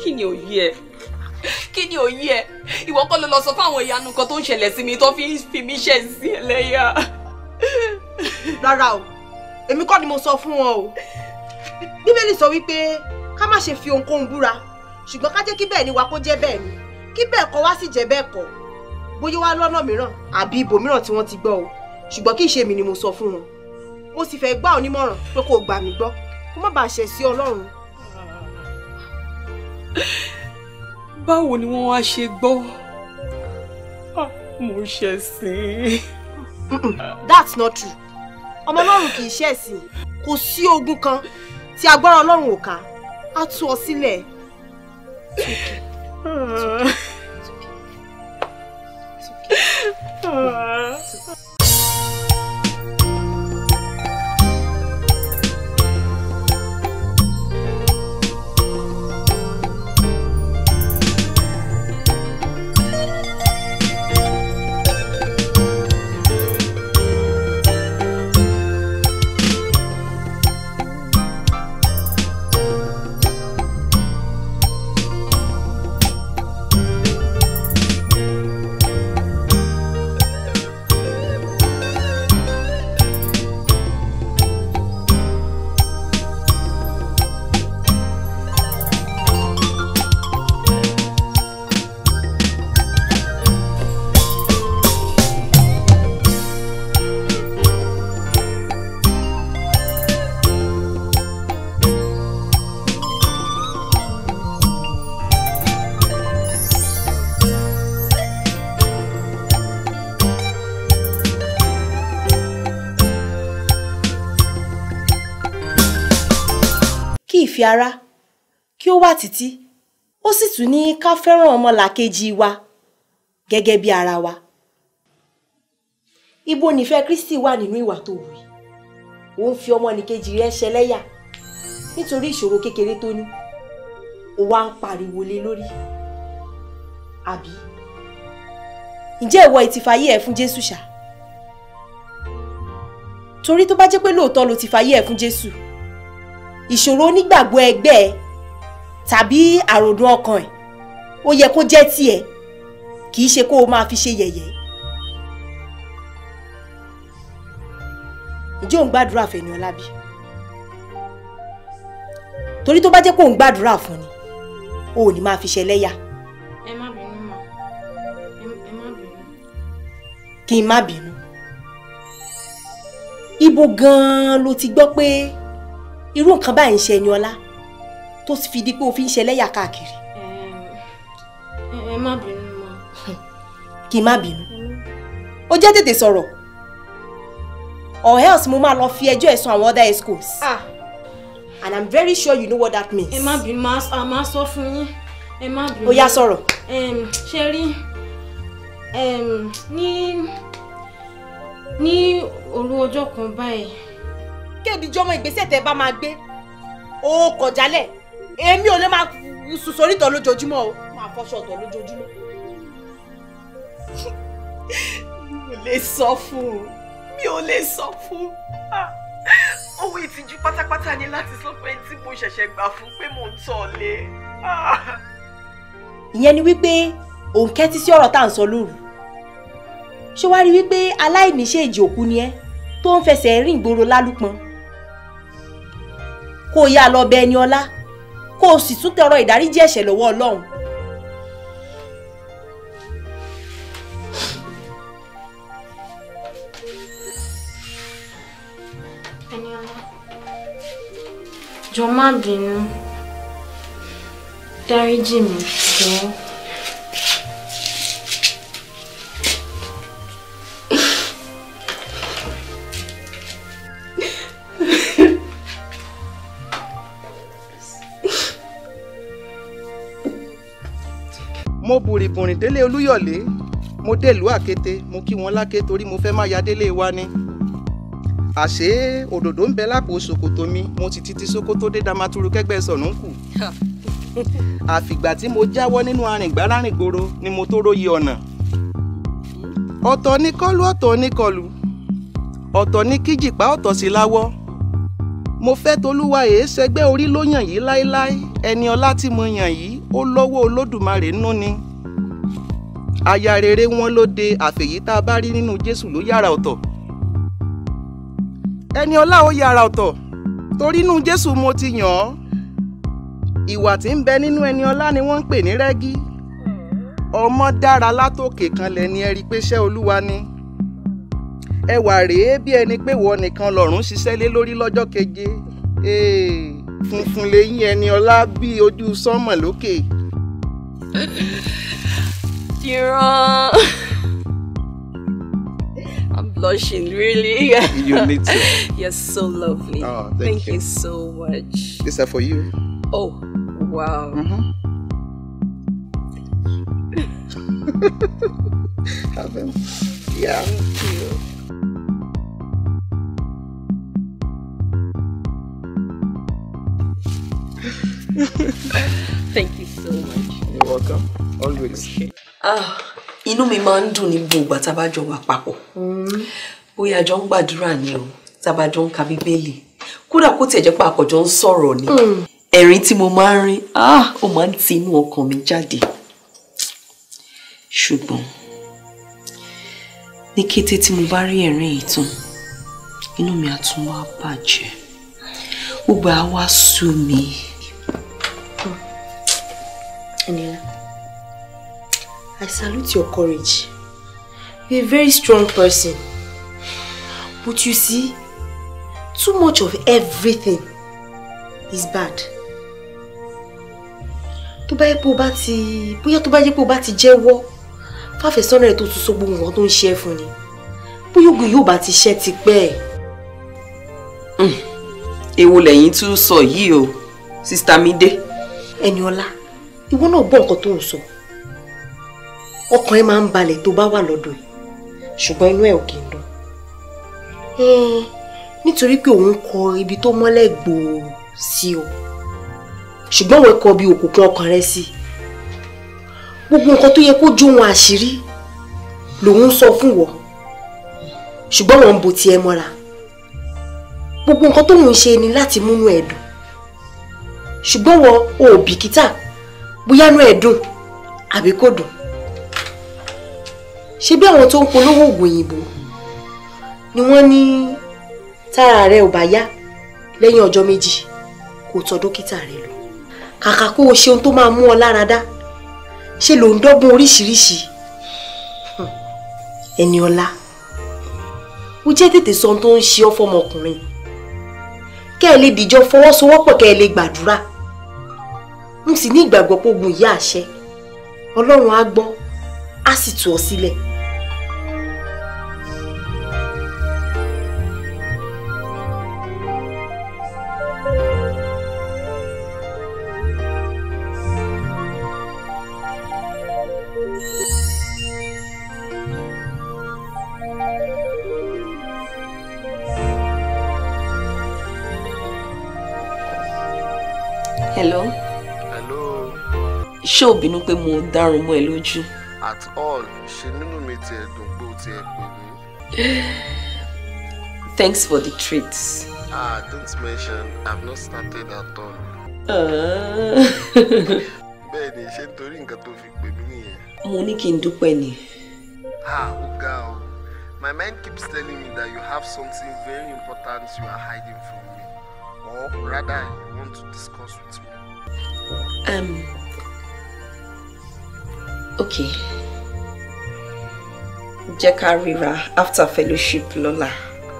kí ni òye ẹ kí ni òye ẹ ìwọ kọ́ ló lọ sọ fáwọn ìyanu kan tó ń ṣẹlẹ̀ sí mi tó fi ń fi mí ṣe sí ẹlẹ́yà. rárá o èmi kọ́ ni mo sọ fún wọn o bíbélì sọ wípé ká má ṣe fi ohunkóhun búra ṣùgbọ́n ká jẹ́ kí bẹ́ẹ̀ ni wa kó jẹ́ bẹ́ẹ̀ ni kí bẹ́ẹ̀ kọ́ wá sì jẹ́ bẹ́ẹ̀ kọ́ bóyá wá lọ́nà mìíràn àbí ibòmíràn tí wọ́n ti gbọ́ o ṣùgbọ́n kì í ṣe mi ni mo sọ fún wọn mo sì fẹ́ gbà onímọ̀ràn pé kò gbà mí gbọ́ kó má bàa ṣẹ̀ sí ọlọ́run. báwo ni wọ́n wá ṣe gbọ́ ah, mo ṣẹ̀ sí i. that's not true ọmọ ọlọ́run kì í ṣẹ̀ sí kò sí ogun kan tí agbára ọlọ́run ò ká á tú ọ sílẹ̀. okay. 啊。nífi ara kí ó wà títí ó sì tún ní ká fẹ́ràn ọmọlàkejì wa gẹ́gẹ́ bí ara wa ibo nífẹ̀ẹ́ Kristi wà nínú ìwà tó wù yìí ó ń fi ọmọnìkejì rẹ̀ ṣẹlẹ́yà nítorí ìṣòro kékeré tó ní ó wá ń pariwo lé lórí àbí ǹjẹ́ ìwọ ìtìfàyè ẹ̀ fún Jésù ṣá torí tó bá jẹ́ pé lóòótọ́ lo ti fàyè ẹ̀ fún Jésù ìṣòro onígbàgbọ́ ẹgbẹ́ ẹ tàbí àròdùn ọkàn ẹ ó yẹ kó jẹ́ tiẹ̀ kì í ṣe kó o máa fi ṣe yẹ̀yẹ́. ǹjẹ́ ò ń gbàdúrà fẹ̀ni ọlábí torí tó bá jẹ́ pé ò ń gbàdúrà fún ni o ò ní máa fi ṣẹlẹ́yà. ẹ má bínú mà ẹ má bínú. kí n má bínú. ibo gan-an ló ti gbọ́ pé. Pe irú nǹkan báyìí ń ṣe ẹni ọlá tó sì fi di pé o fi ń ṣe ẹlẹ́yà káàkiri. ẹ má bínú ma. kì í má bínú ó jẹ́ tètè sọ̀rọ̀ or else mo máa lọ fi ẹjọ́ ẹ̀ sùn àwọn other schools. ah and i'm very sure you know what that means. ẹ má bínú ma a máa sọ fún yín ẹ má bínú. ó yá sọ̀rọ̀. ṣe rí ní ní òru ọjọ́ kan báyìí kéèdìjọ́ ọmọ ìgbésẹ̀ tẹ́ bá máa gbé ó kọjálẹ̀ èmi ò lè máa sùn sórí ìtọ̀ lójoojúmọ́ o máa fọṣọ ọ̀tọ̀ lójoojúmọ́. mi ò lè sọ fún un mi ò lè sọ fún un ah! owó ìtìjú pátápátá ni láti sọ pé tí mo ṣẹ̀ṣẹ̀ gbà fún pé mò ń tọ̀ lé. Ah! ìyẹn ni wípé òun kẹ́tí sí ọ̀rọ̀ tá à ń sọ lóru ṣé wàá rí wípé aláìníṣẹ́ ìjì òkú ni ẹ́ tó ń fẹsẹ̀ rìn gbòòrò lálùpọ̀n kó o yá lọ bẹ ẹni ọlá kó o sì tún tọrọ ìdáríjì ẹ̀ṣẹ̀ lọ́wọ́ Ọlọ́run. jọ má bínú dáríjì mi jọ. mo bùrìbùrìn délé olúyọ̀lé mo dèlú àkété mo kí wọn láké torí mo fẹ́ má ya délé wa ni àṣé òdòdó ń bẹ lápò ṣòkòtò mi mo ti títí ṣòkòtò dé damaturu kẹgbẹ́ sọ̀nù kù àfìgbà tí mo jáwọ́ nínú goro ni mo tó róye ọ̀nà ọ̀tọ̀ ní kọlù ọ̀tọ̀ ní kọlù ọ̀tọ̀ ní kíjìpá ọ̀tọ̀ sí láwọ́ mo fẹ́ tolúwa èé ṣẹgbẹ́ orí ló yàn yìí láéláé ẹni ọlá tí mo yàn yìí ó lọ́wọ́ olódùmarè nú ni aya rere wọn ló de àfẹ̀yí tá a bá rí nínú Jésù ló yára ọ̀tọ̀ ẹni ọlá ó yára ọ̀tọ̀ torí inú Jésù mo ti yàn ọ́ ìwà tí ń bẹ nínú ẹni ọlá ni wọ́n ń pè ní rẹ́gí ọmọ dára látòkè kan lẹ́ni ẹ rí i pé iṣẹ́ Olúwa ni ẹwà rèé bí ẹni pé wọ́n nìkan lọ́rùn ṣiṣẹ́ lé lórí lọ́jọ́ keje. Hey. funfun lẹ́yìn ẹni ọlá bí ojú lókè. I'm blushing really. you need to. You're so lovely. Oh, thank, thank you. you so much. These are for you. Oh, wow. Mm-hmm. Have them. Yeah. Thank you. Thank you so much. You're welcome. Always. Ah, inú mi máa ń dùn ní gbogbo tá a bá jọ wà papọ̀. Mm. Bóyá àjọ ń gbàdúrà ni o, tá a bá jọ ń ka Bíbélì. Kódà kó tiẹ̀ jẹ́ pé àkọ́jọ́ ń sọ̀rọ̀ ni. Mm. Ẹ̀rín tí mo máa ń rín, ah, ó máa ń ti inú ọkàn mi jáde. Ṣùgbọ́n ní kété tí mo bá rí ẹ̀rín yìí tán, inú mi á tún wá bàjẹ́. Gbogbo àwa sú mi. Chinela, I salute your courage. You're a very strong person. But you see, too much of everything is bad. To buy yẹ pé o bá ti bóyá tó bá yẹ pé o bá ti jẹ́wọ́ fáfẹ́sọ́nà ẹ̀ tó tún so gbogbo nǹkan tó ń ṣe fún ni bóyá ogun yóò bá ti ṣẹ́ hmm. Mide. Ẹniọlá ìwọ náà bọ́ nǹkan tó ń sọ ọkàn ẹ máa ń balẹ̀ tó bá wà lọ́dọ̀ ẹ̀ ṣùgbọ́n inú ẹ̀ ò kì í dùn nítorí pé òun kọ ibi tó mọ́lẹ̀ gbòòrò sí o ṣùgbọ́n òun kọ bí òkùnkùn ọkàn rẹ sí gbogbo nǹkan tó yẹ kó jó wọn àṣírí lòun sọ fún wọn ṣùgbọ́n wọn ń bo tiẹ̀ mọ́ra gbogbo nǹkan tóun ṣe ni láti múnú ẹ̀ dùn ṣùgbọ́n wọn ò bìkítà bóyá inú ẹ̀ dùn àbí kò dùn ṣé bí àwọn tó ń polówó oògùn òyìnbó ni wọ́n ní tára rẹ ò bá yá lẹ́yìn ọjọ́ méjì kò tọ̀ dókítà rẹ lọ kàkà kó o ṣe ohun tó máa mú ọ lára dá ṣe ló ń dọ́gbọ́n oríṣiríṣi ẹni ọlá ó jẹ́ tètè sọ ohun tó ń ṣe ọ́ fọmọkùnrin kẹ́ ẹ lè dìjọ fọwọ́sowọ́pọ̀ kẹ́ ẹ lè gbàdúrà n sì ní ìgbàgbọ́ pógun ìyá àṣẹ ọlọ́run á gbọ́ á sì tú ọ sílẹ̀. ṣé ò bínú pé mo dárun mọ́ ẹ lójú. at all ṣe nínú mi tiẹ̀ dùn pé o tiẹ̀ pè mí. thanks for the treats. ah don't mention i'm not started at all. Uh. bẹ́ẹ̀ni ṣé nítorí nǹkan tó fi pè mí nìyẹn. mo ní kí n dúpẹ́ ni. ah ó ga o my mind keeps telling me that you have something very important you are hiding from me or rather you want to discuss with me. Um, okay jẹ́ ká after fellowship Lola.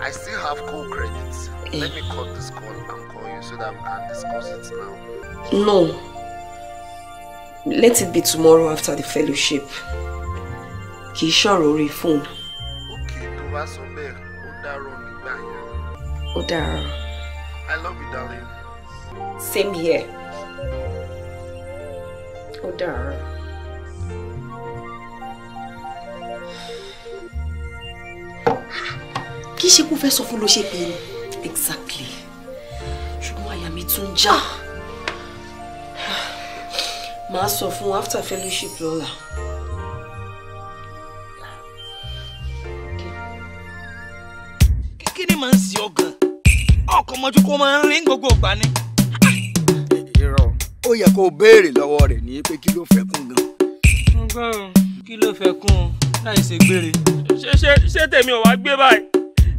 I still have call credits. Eh. Let me cut this call and call you so that we can discuss it now. No. Let it be tomorrow after the fellowship. He í ṣọ̀rọ̀ orí Okay, tó bá sọ bẹ́ẹ̀, ó I love you, darling. Same here. Ó dára. kì í ṣe kó fẹ́ sọ fún ló ṣe pé ni. exactly ṣùgbọ́n àyà mi tún já. màá sọ after fellowship lọ́la. kí ni màá ń sin ọgàn ọkọ̀ mọ́jú kó máa ń rìn gbogbo ni. irọ́ ó yẹ kó o béèrè lọ́wọ́ rẹ̀ ṣé ṣé ṣé tèmi ò wá gbé báyìí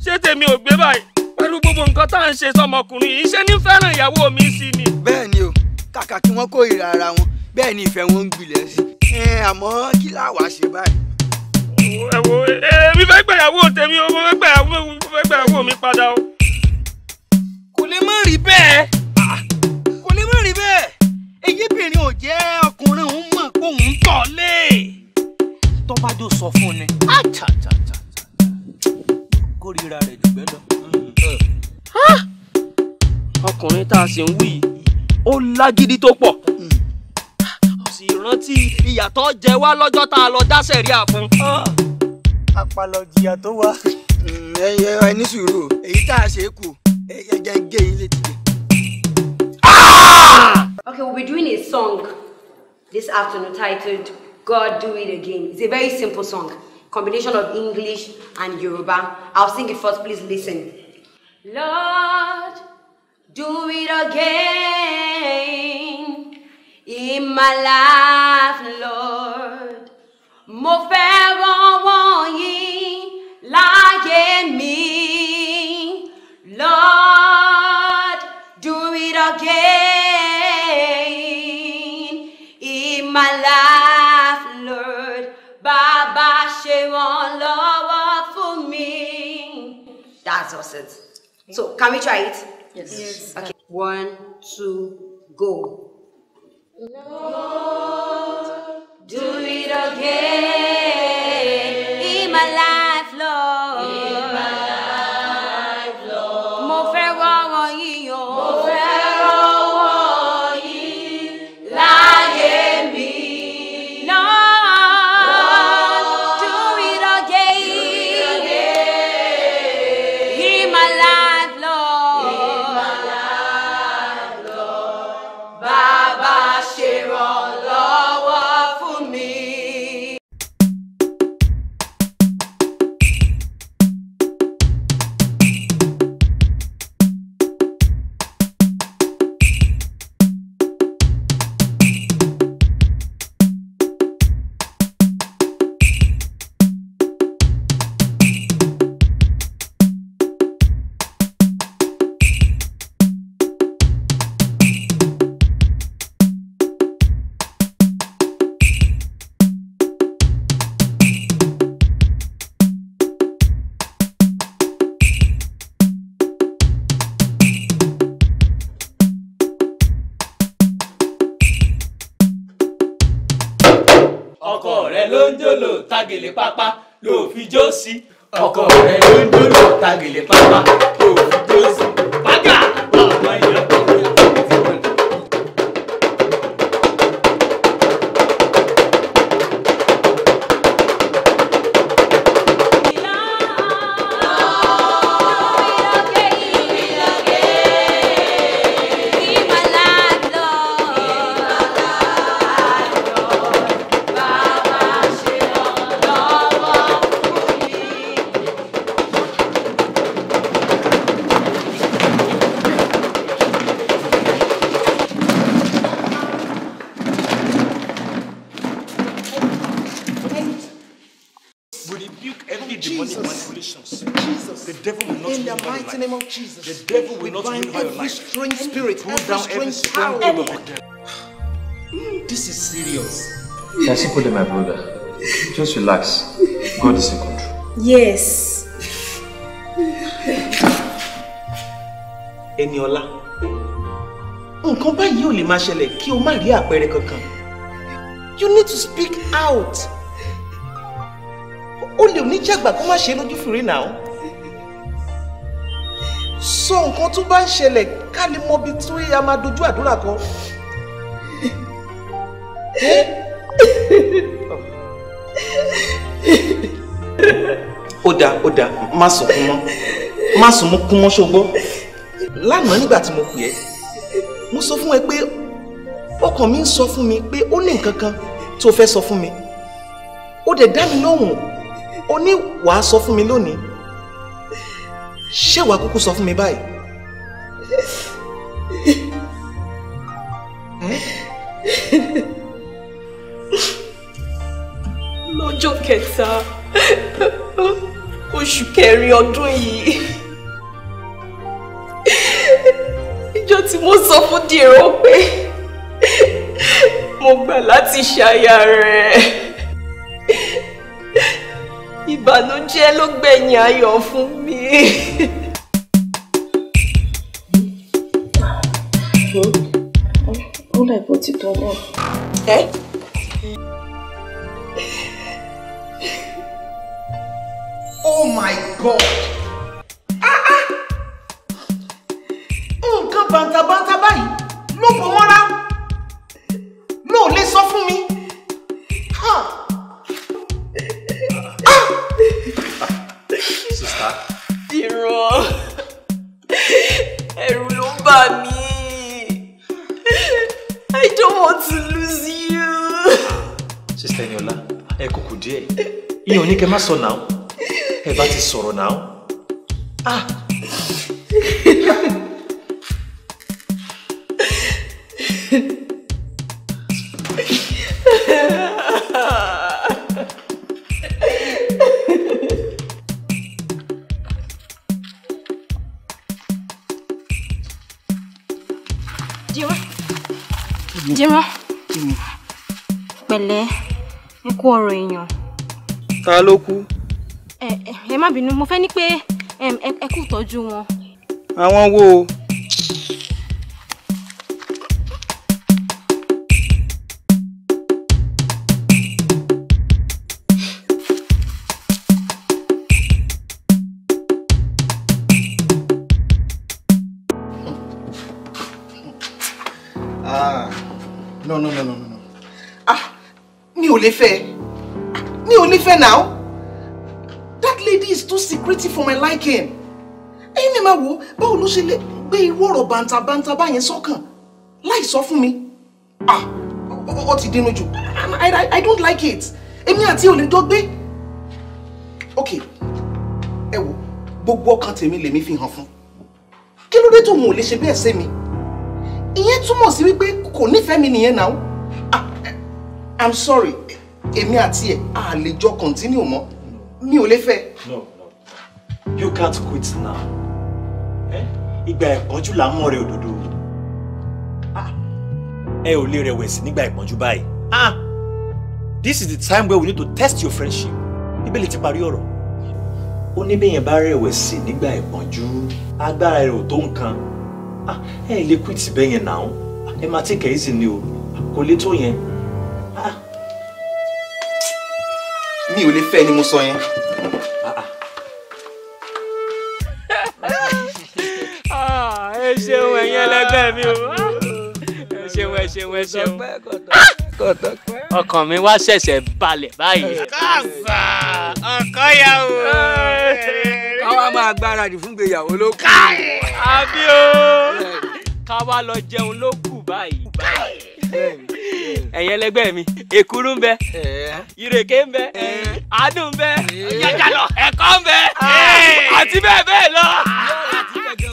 ṣé tèmi ò gbé báyìí pẹ̀lú gbogbo nǹkan tá à ń ṣe sọmọkùnrin yìí ṣé ní fẹ́ràn ìyàwó mi sí ni. bẹ́ẹ̀ ni o kàkà kí wọ́n kórìíra ara wọn bẹ́ẹ̀ ni ìfẹ́ wọn ń gbilẹ̀ sí i àmọ́ kí láwa ṣe báyìí. ẹ wo èmi fẹ́ gbẹ̀yàwó tèmi o mo fẹ́ gbẹ̀yàwó mo fẹ́ gbẹ̀yàwó mi padà o. kò lè má rí bẹ́ẹ̀ ah, kò lè má rí bẹ́ẹ̀ èyí ò jẹ́ ọkùnrin òun mọ̀ pé òun tọ̀ lé tọ́bájó sọ fún ni. kórìíra rẹ̀ dùgbẹ́ lọ. ọkùnrin tá a sì ń wí ó lágídí tó pọ̀ sì rántí ìyàtọ̀ jẹ wá lọ́jọ́ tá a lọ dá sẹ̀ríà fún. apalọ̀jìyà tó wà. Mm, ẹyẹ ẹ sùúrù èyí tá a ṣe kù ẹyẹ jẹ gé yín létí. Ah! Okay, we'll be doing a song this afternoon titled God do it again. It's a very simple song, combination of English and Yoruba. I'll sing it first, please listen. Lord, do it again in my life, Lord. Mo fẹ́ wọ́n wọ̀nyí láyé mi. one love for me. That's awesome. So can we try it? Yes. yes. Okay. One, two, go. Lord, do it again. ló tagèlè pápá ló fi jó sí ọkọ rẹ ló ń jó ló tagèlè pápá ló fi jó sí. Esipode, my brother, just relax. God is in control. Yes. Eniola, nǹkan báyìí ò lè máa ṣẹlẹ̀ kí o má rí àpẹẹrẹ kankan. You need to speak out. O lè ní jàgbà kó má ṣe lójú fìrí náà. Sọ nǹkan tó bá ń ṣẹlẹ̀ ká lè mọ ibi tí a máa dojú àdúrà kọ. Eh? dáa ó dáa má sunkún mọ́ má sunkún mọ́ ṣogbọ́ lánàá nígbà tí mo pè ẹ́ mo sọ fún ẹ pé ọkàn mi ń sọ fún mi pé ó ní nǹkan kan o fẹ́ sọ fún mi ó dẹ̀ dá mi lóhùn ó ní wàá sọ fún mi lónìí ṣé wàá kúkú sọ fún mi báyìí. lọ́jọ́ kẹta oṣù kẹrin ọdún yìí ìjọ tí mo sọ fún dìrò pé mo gbà láti ṣaya rẹ̀ ìbànújẹ́ ló gbẹ̀yìn ayọ̀ fún mi. ó dàgbò ti tọ́ náà. oh my god ah ah nǹkan bàǹtàbàǹtà báyìí ló bò mọ́ra ló lè sọ fún mi. sista. irọ́ ẹ̀rù ló ń bà mí I don't want to lose you. sista Eniola ẹ kò kù díẹ̀ ìyẹn ò ní kẹ́ má sọ náà ẹ bá ti sọ̀rọ̀ náà. ah jẹ́rán pẹ̀lẹ́ ń kó ọ̀rọ̀ èèyàn. ta ló kú má bínú mo fẹ́ ní pé ẹ kú tọ́jú wọn. àwọn wo ah, o. no no no no no ah mi ò lè fẹ́ ah, mi ò lè fẹ́ now secretive for my liking ẹ̀yin lè máa wò ó báwo ló ṣe lè gbé irú ọ̀rọ̀ bàǹtàbàǹtà báyẹn sọ́kàn láì sọ fún mi ah ó ti dínú jù i I don't like it èmi àti ò lè jọ gbé ok ẹ wò gbogbo ọkàn tèmi lèmi fi hàn fún kí ló dé tó òun ò lè ṣe bẹ́ẹ̀ sí mi ìyẹn túmọ̀ sí wípé kò nífẹ̀ẹ́ mi nìyẹn náà ah, eh, i'm sorry èmi àti ẹ̀ a lè continue mọ́ mi ò lè fẹ́. No you can't quit now. Eh? Ìgbà ìpọ́njú là ń mọ̀ rẹ òdodo. Ah. Ẹ ò lè rẹ̀wẹ̀sì nígbà ìpọ́njú báyìí. Ah. This is the time where we need to test your friendship. Bíbélì ti parí ọ̀rọ̀. Ó ní bẹ́yẹn bá rẹ̀wẹ̀sì nígbà ìpọ́njú. Agbára rẹ̀ ò tó nǹkan. Ah. Ẹ lè quit bẹ́yẹn náà. Ẹ máa tí kẹ̀ easy ni o. Kò lè tó yẹn. Mi ò lè fẹ́ ni mo sọ yẹn. ẹ̀yin ah! ẹlẹgbẹ́ mi o ah! ẹ ṣeun ẹ ṣeun ẹ ṣeun ah! ọkàn mi wá ṣẹ̀ṣẹ̀ balẹ̀ báyìí. káàbà ọkọ ya o. káwa máa gbáradì fún ìgbéyàwó ló kù. àbí o káwa lọ jẹun ló kù báyìí. ẹ̀yin ẹlẹgbẹ́ mi èkúrú ń bẹ ìrèké ń bẹ àánú ń bẹ jajalọ ẹ̀kọ́ ń bẹ àti bẹ́ẹ̀ bẹ́ẹ̀ lọ.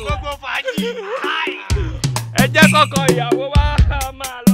gbogbo fàájì jẹ́ kọ́kọ́ ìyàwó wa máa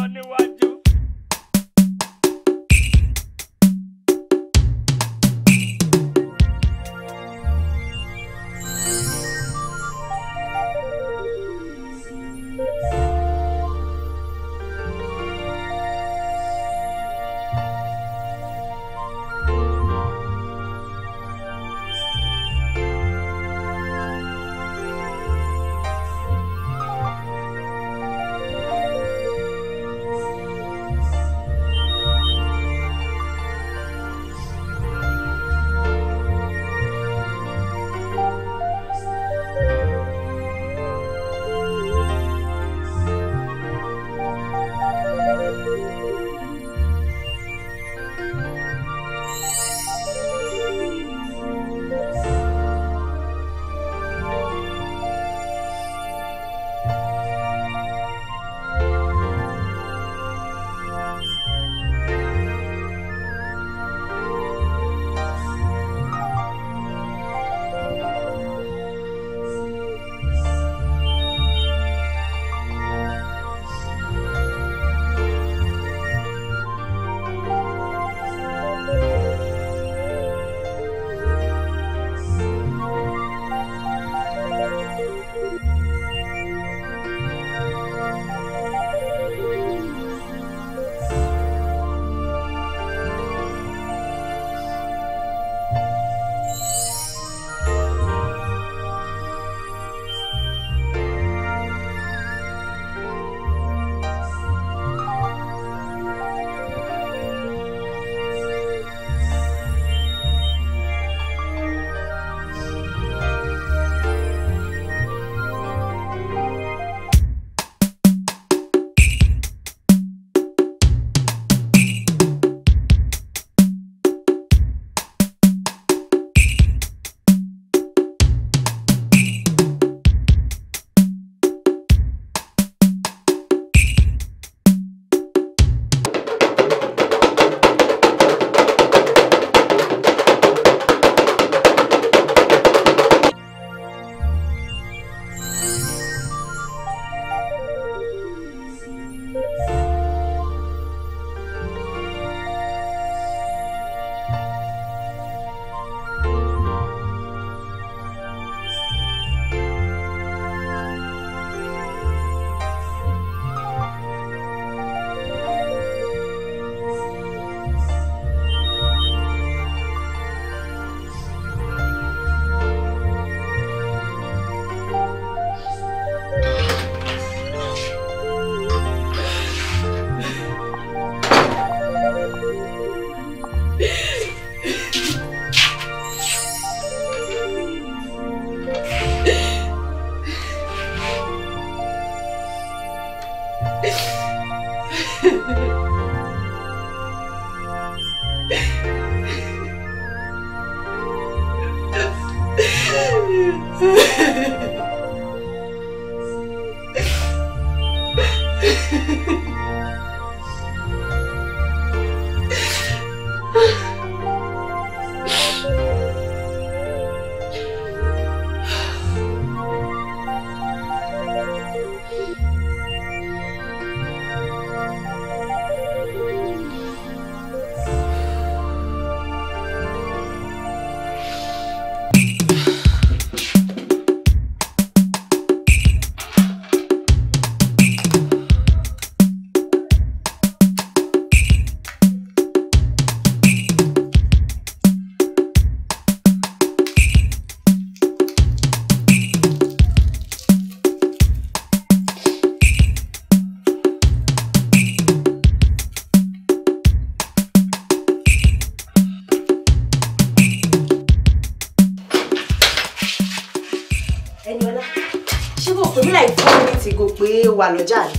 igual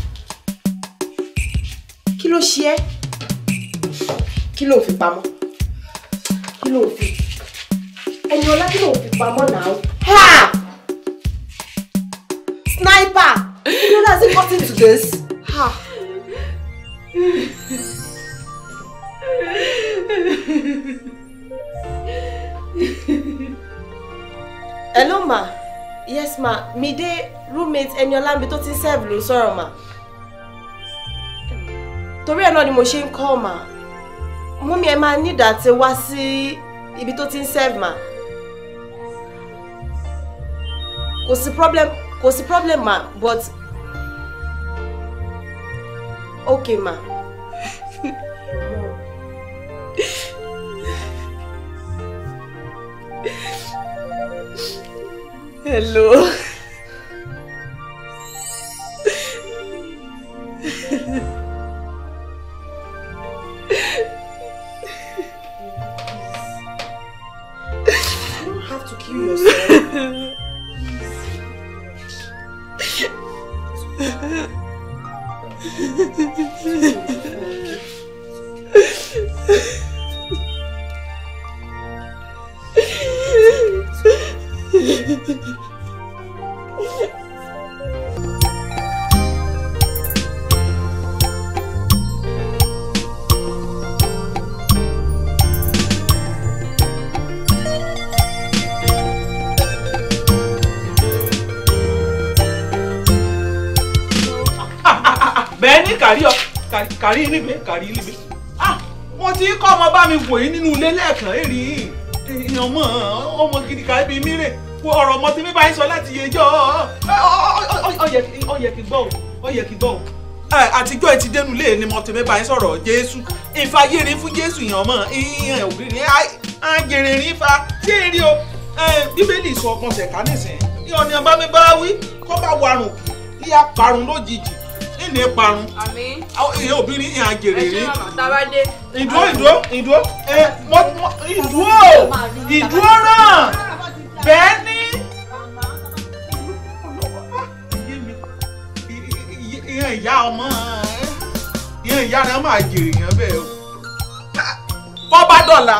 Oyinlọ́lá tó ti ń sẹ́ẹ̀bù ló ń sọ̀rọ̀ mà torí ẹ̀ náà ni mo ṣe ń kọ́ mà mummy ẹ máa nídà tí wá sí ibi tó ti ń sẹ́ẹ̀bù mà kò sí problem kò sí problem mà but ok mà. Hello. mi wò yín nínú ilé lẹ́ẹ̀kan èrè yìí ọmọ ọmọ gidi kan ibi mírè ọ̀rọ̀ ọmọ tí mi bá ń sọ láti yejọ́ ọ yẹ kí gbọ́ o ọ yẹ kí gbọ́ o àtijọ́ ẹ ti dénú lé ni mọ̀tò mẹ́ba yín sọ̀rọ̀ jésù ìfàyèrè fún jésù yàn ọmọ ìyàn ògiri àjèrè rí fa ṣé eré o bíbélì sọ ọgbọ́n ṣẹ̀ká nìsín ìyọ̀nì ọba mi bá wí kọ́ bá warùn kí a parun lójijì ìní parun ìyẹn obìnrin ìyàn àjèrè rí. ẹ ṣe ọ̀nà tá dé ìdúró ìdúró ìdúró ẹ mọ mọ ìdúró ìdúró náà bẹ́ẹ̀ ni. ìyẹn ìyá ọmọ ìyẹn ìyá rẹ máa jèrè yẹn bẹ́ẹ̀ o. bọ́bá dọ̀la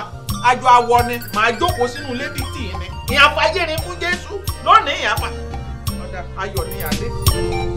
àjọ awọ ni màá jókòó sínú lébìtì mi ìyàfà yẹrin fún Jésù lónìí ìyàfà ayọ̀ ni àlejò.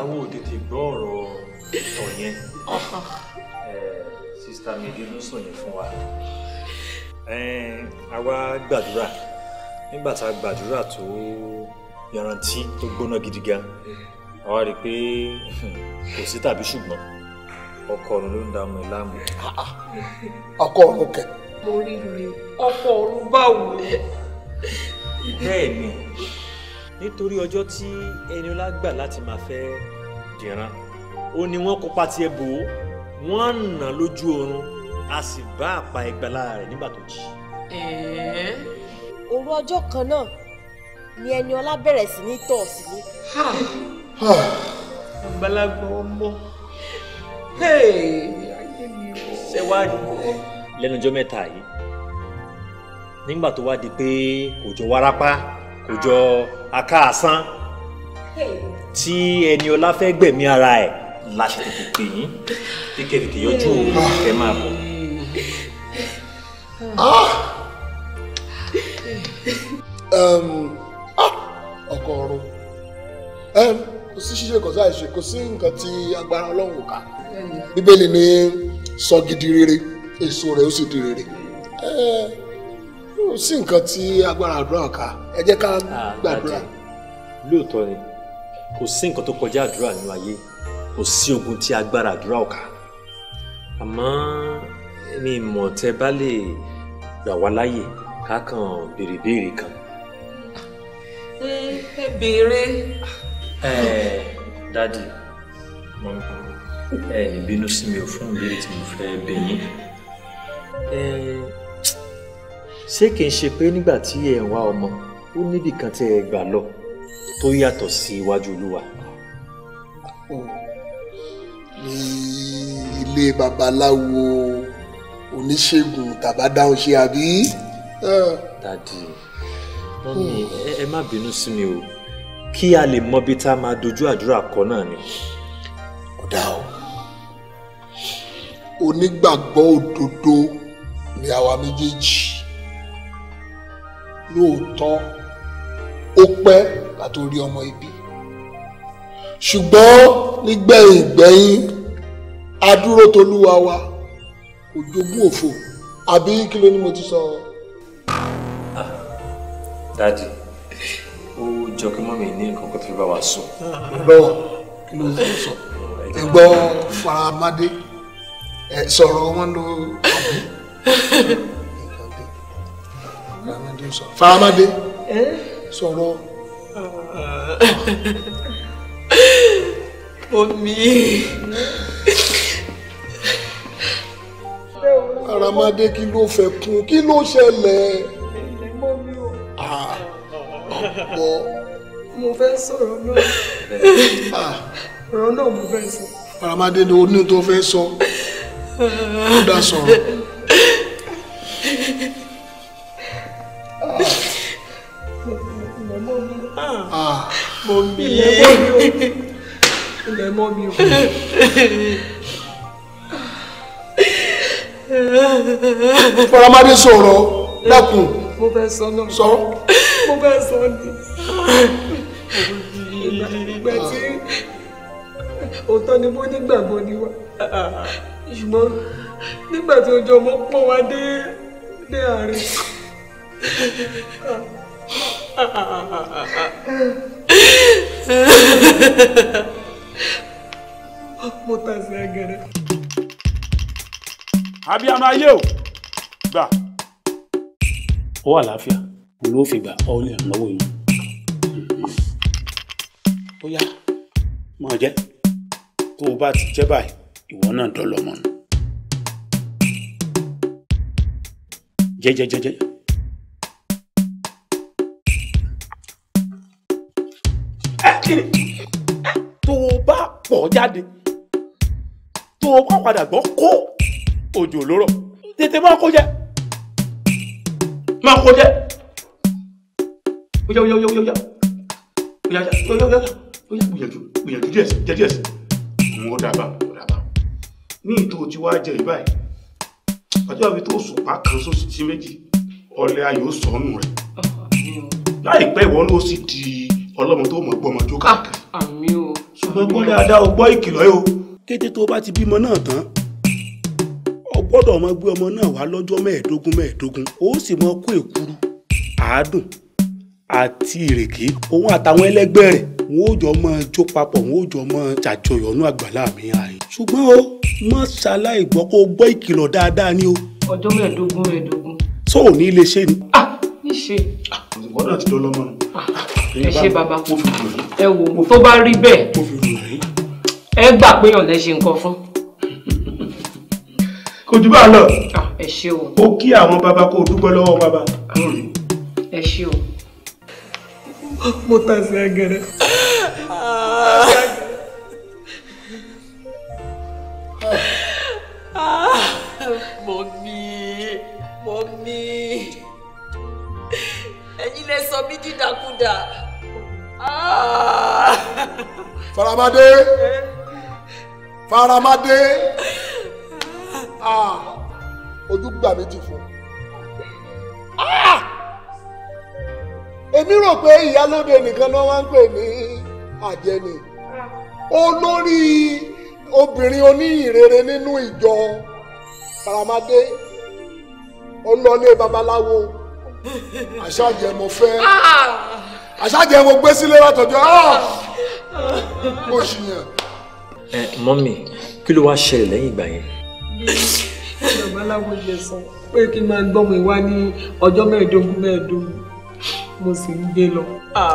àwọn ò tètè gbọ́ ọ̀rọ̀ ìtàn yẹn eh, sista mede ló sọ yẹn fún wa àwa eh, gbàdúrà nígbà tá a gbàdúrà tó yarantí tó gbóná gidi gan àwa rí i pé kò sí tàbí ṣùgbọ́n ọkọ ọ̀run ló ń dààmú ẹ láàmú. ọkọ ọ̀run kẹ. mo rí i ọkọ ọ̀run báwo. bẹ́ẹ̀ ni nítorí ọjọ́ tí Ẹniọlá gbà láti máa fẹ́ dìran ó ní wọ́n kópa tiẹ̀ bò ó wọ́n nà lójú oorun a sì bá àpá ìgbàlá rẹ̀ nígbà tó jí. òru ọjọ́ kan náà ni Ẹniọlá bẹ̀rẹ̀ sí ní tọ̀ sílé. àgbàlagbà ọmọ ṣe wá rí lẹ́nu ọjọ́ mẹ́ta yìí nígbà tó wá di pé kò jọ wárápá kò jọ akáàsán tí ẹni ọlá fẹ́ gbẹ̀mí ara ẹ̀ láti tètè pè yín tí kẹ̀tẹ̀tẹ̀ yọjú ah. ẹ máa bọ̀. Ah. Ah, ọkọ ọrùn kò sí ṣíṣe kò sáà ṣe kò sí nǹkan tí agbára ọlọ́run ká bíbélì ni sọ gidi rere èso rẹ̀ ó sì di rere kò sí nǹkan tí agbára àdúrà ká ẹ jẹ́ ká ah, gbàdúrà. lóòótọ́ ni kò sí nǹkan tó kọjá àdúrà nínú ayé kò sí ogun tí agbára àdúrà ò ká àmọ́ mi mọ̀ tẹ́ bá lè gbà wá láàyè ká kàn béèrè béèrè kan. ẹ béèrè. ẹ dadi ẹ ní bínú sí mi ò fún ìbéèrè tí mo fẹ́ bẹ̀ yín ṣé kìí ṣe pé nígbà tí ẹ̀ ń wá ọmọ ó níbì kan tẹ́ ẹ gbà lọ tó yàtọ̀ sí iwájú olúwa. ilé babaláwo oníṣègùn tàbádáhùn ṣe àbí. dadi mọ́mí ẹ má bínú sí mi o kí a lè mọ bí tá a máa dojú àdúrà kọ náà ni. ọ̀dà o onígbàgbọ́ òdodo ni àwa méjèèjì lóòótọ́ ó pẹ́ láti orí ọmọ ibi ṣùgbọ́n nígbẹ̀yìn gbẹ̀yìn adúró tolúwa wa kò jogún òfò àbí kí ló ní mo ti sọ. Ah, dadi ó jọ kí mọ́mí ní nǹkan kan tó fi bá wa sùn. lọ́wọ́ kí ló ń sọ ẹ̀gbọ́n faramadé sọ̀rọ̀ wọn ló ló sọ faramade sọ̀rọ̀. omi. faramade kí ló fẹ́ kún kí ló ṣẹlẹ̀. ọ̀pọ̀. mo fẹ́ sọ̀rọ̀ náà ọ̀rọ̀ náà mo fẹ́ sọ. faramade ni o ní tó fẹ́ sọ ó dá sọ̀rọ̀. mọ mi ilẹ̀ mọ́ mi o ilẹ̀ mọ́ mi o. faramadi sọ̀rọ̀ dákun. mo fẹ́ sọ náà sọ. mo fẹ́ sọ ni. ìgbà tí òótọ́ ni mo nígbàgbọ́ ni wá ṣùgbọ́n nígbà tí ojú ọmọ pọ̀ wá dé dé àárín mo ta sí agẹrẹ. abiyamọ ayé o gbà. ó wà láàfíà ló fi gbà ọ ní ànáwó yìí. ó yá máa jẹ tó o bá ti jẹ báyìí ìwọ náà dọlọmọ nù. jẹjẹjẹjẹ. kiri tó o bá pọ̀ jáde tó o bá padà gbọ́ kó òjò lóró tètè máa kó jẹ máa kó jẹ oya oya oya oya oya oya oya oya oya gbìyànjú gbìyànjú díẹ̀ sí díẹ̀ díẹ̀ sí mo dábàá mo dábàá ní ìtò tí wàá jẹ ìbáyìí ọjọ́ àbí tó sùpá kan sósì sí méjì ọlẹ́ ayò sọnù rẹ̀ láìpẹ́ ìwọ ló sì di ọlọ́mọ tó mọ̀ gbọ́ ọmọ jó ah, káàkiri. àmín o. ṣùgbọ́n gbọ́ dáadáa o gbọ́ ìkìlọ̀ yìí o. kété tó o bá ti bímọ náà tán o gbọ́dọ̀ máa gbé ọmọ náà wá lọ́jọ́ mẹ́ẹ̀ẹ́dógún mẹ́ẹ̀ẹ́dógún o sì mọ kó èkuru àádùn àti ìrèké òun àtàwọn ẹlẹgbẹ́ rẹ̀ wọn ò jọ mọ jó papọ̀ wọn ò jọ mọ jàjọyọ̀ inú àgbàlá mi ààyè. ṣùgbọ́n o mọ ṣaláì gbọ́ kó o gbọ́ ìkìlọ̀ dáadáa ni o. ọjọ́ mẹ́ẹ̀ẹ́dógún mẹ́ẹ̀ẹ́dógún. tó o ní ilé ṣe ni. ah níṣe. ah wọ́n náà ti dọ́ lọ́mọ nù. Ah, ẹ ṣe bàbá ẹ wò tó bá rí bẹ́ẹ̀ ẹ gbà pé ọ̀lẹ́ ṣe nǹkan fún. kò jù bá a lọ. Ah, ẹ ṣe o. ó kí àwọn bàbá kó o dúpẹ́ lọ́wọ́ bàbá. Ah, ẹ ṣe o. mo tà sí ẹgẹrẹ. sọ mí dídàkudà. Ah! faramade faramade ah! ojú gbà méjì fún ah! èmi rò pé ìyálóde nìkan náà wá ń pè ní àjẹni olórí obìnrin oní ìrere nínú ìjọ faramade ó lọ lé babaláwo. àṣàjẹ mo fẹ́ ah! àṣàjẹ mo gbé sílé látọjọ́ ó ah! ṣì yàn. ẹ mọ́mì kí ló wáá ṣẹlẹ̀ lẹ́yìn ìgbà yẹn. bàbá aláwo ilé sọ pé kí n máa gbọ́ mi wá ní ọjọ́ mẹ́ẹ̀ẹ́dógún mẹ́ẹ̀ẹ́dógún mo sì ń gbé lọ. Ah!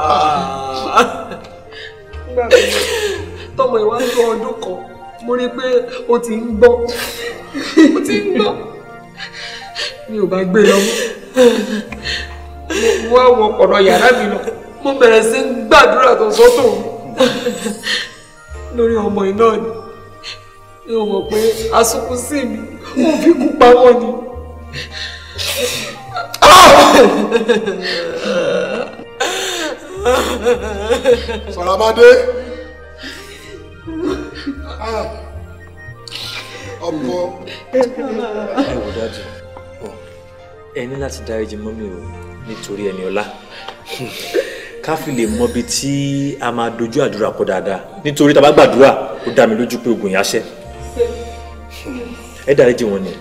tọmọ ìwà tó ọdún kan mo rí i pé o ti ń gbọ́ o ti ń gbọ́ mi ò bá gbé lọ́wọ́ mo wá wọ ọ̀pọ̀lọ yàrá mi lọ mo bẹ̀rẹ̀ sí gbàdúrà tó sọ́tò lórí ọmọ iná ni mi ò mọ̀ pé asukun sí mi mo fi kú pamọ́ ni. Sọ̀rọ̀mádé ah. ọkọ ẹ wò dájú ẹ ní láti dáríjì mọ́mí o nítorí ẹni ọlá ká fi lè mọbi tí a máa dojú àdúrà kọ dáadáa nítorí tá a bá gbàdúrà ó dá mi lójú pé ogun yẹn á ṣẹ ẹ dáríjì wọn ni.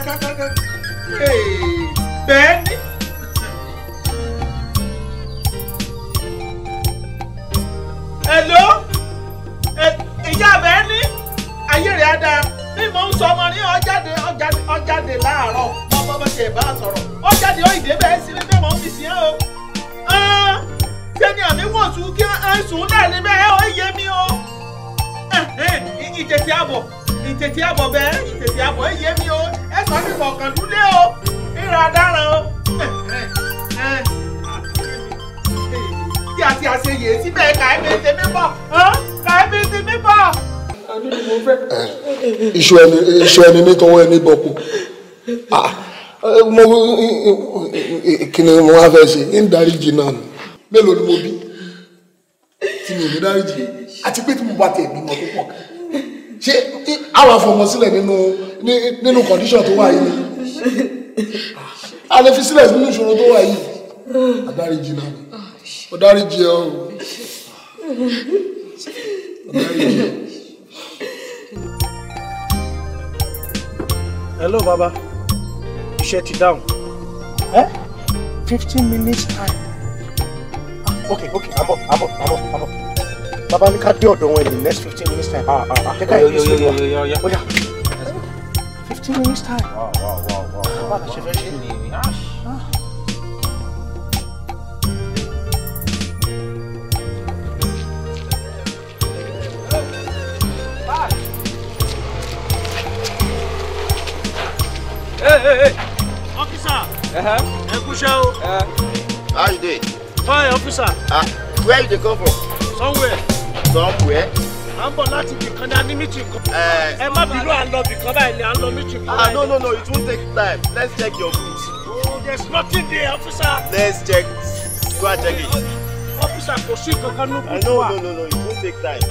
checker. iṣu ẹni iṣu ẹni nítọwọ́ ẹni bọ̀kú mo kí mo wá fẹ́ ṣe ń dáríjì náà nù mélòó ni mo bí tí mi ò ní dáríjì àti pé tí mo bá tẹ̀ bímọ tó pọ̀ ṣé àwọn afọmọ nínú nínú condition tó wà yìí a fi sílẹ̀ nínú ìṣòro tó wà yìí adáríjì náà nù ọ̀dáríjì ẹ̀ ọ̀rùn ọ̀dáríjì hello baba shut it down. ẹ́ fifteen minutes time. Okay, okay, I'm up, I'm up, I'm up, I'm up. baba ní ká your ọ̀dọ̀ in the next fifteen minutes time. ah ah akẹ́kọ̀ọ́ yóò yeah, yeah, yeah, yóò yóò fifteen minutes time. wow wow wow wow. bàbá ṣe fẹ́ ṣe nìyí. Officer. Uh-huh. Egusha. Uh. Uh-huh. How you doing? Fine, officer. Ah, where you dey come from? Somewhere. Somewhere? I'm ń bọ̀ láti ibìkan ní animiti kan. Eh. ẹ má bínú à ń lọ ibìkan báyìí ni à ń lọ mítì ah no no no it won't take time let's check your boots. oh there's nothing there officer. let's check go and check it. officer kò sí kankan ní ah, bùkún wa. no no no it won't take time.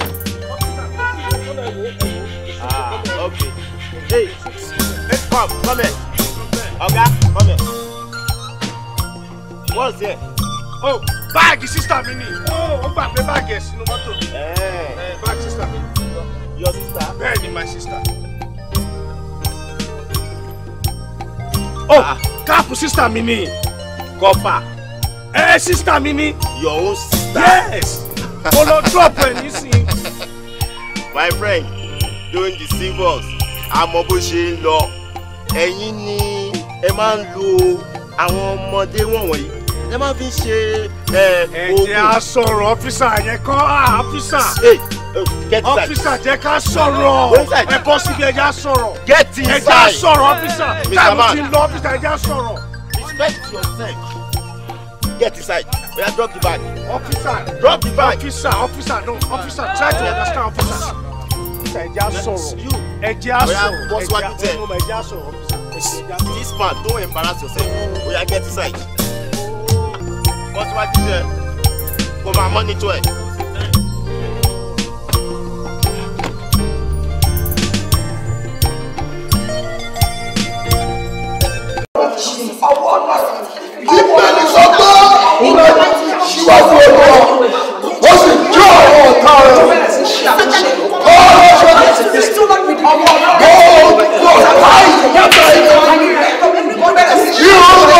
ah okay. Hey. Come, come here. Oga come here. What's here? Oh, bag sister mini. Oh, Ó the bag báàgì ẹ̀ sínú mọ́tò mi. Eh. Eh, báàgì sísá mi. Your sister? Very ni my sister. Ah. Oh, cap sister mini. ni. Kọ́pà. Eh, sister mini. mi ni. Your own sister. Yes. Follow drop when you see. My friend, don't deceive us. I'm a bushy law ẹ̀yin ni ẹ máa ń lo àwọn ọmọdé wọ̀nyí ẹ máa fi ṣe oògùn. ẹ̀jẹ̀ á sọ̀rọ̀ ọ́fíìsà yẹn kọ́ ọ́fíìsà ah, hmm. ọ́fíìsà oh, jẹ́ ká sọ̀rọ̀ ẹ̀kọ́ síbi ẹ̀jẹ̀ á sọ̀rọ̀ ẹ̀jẹ̀ á sọ̀rọ̀ ọ́fíìsà táàmù ti lọ ọ́fíìsà ẹ̀jẹ̀ á sọ̀rọ̀. respect yourself get inside oya drop the bag. officer drop the bag. officer officer no officer try to understand officer. officer ẹ̀jẹ̀ á sọ̀rọ̀ ẹ̀jẹ̀ á sọ̀rọ̀ ẹ̀jẹ̀ á sọ̀rọ̀ sọ̀rọ̀ this this man don't embarrass yourself oya get inside wọ́n ti wá jíjẹ kó máa mọ́nítọ́ ẹ̀. ìgbẹ́ni sọ pé òun ẹ̀ ṣíwájú ọ̀dọ́ ó sì jẹ́ ọ̀rọ̀ ọ̀tá rẹ̀. You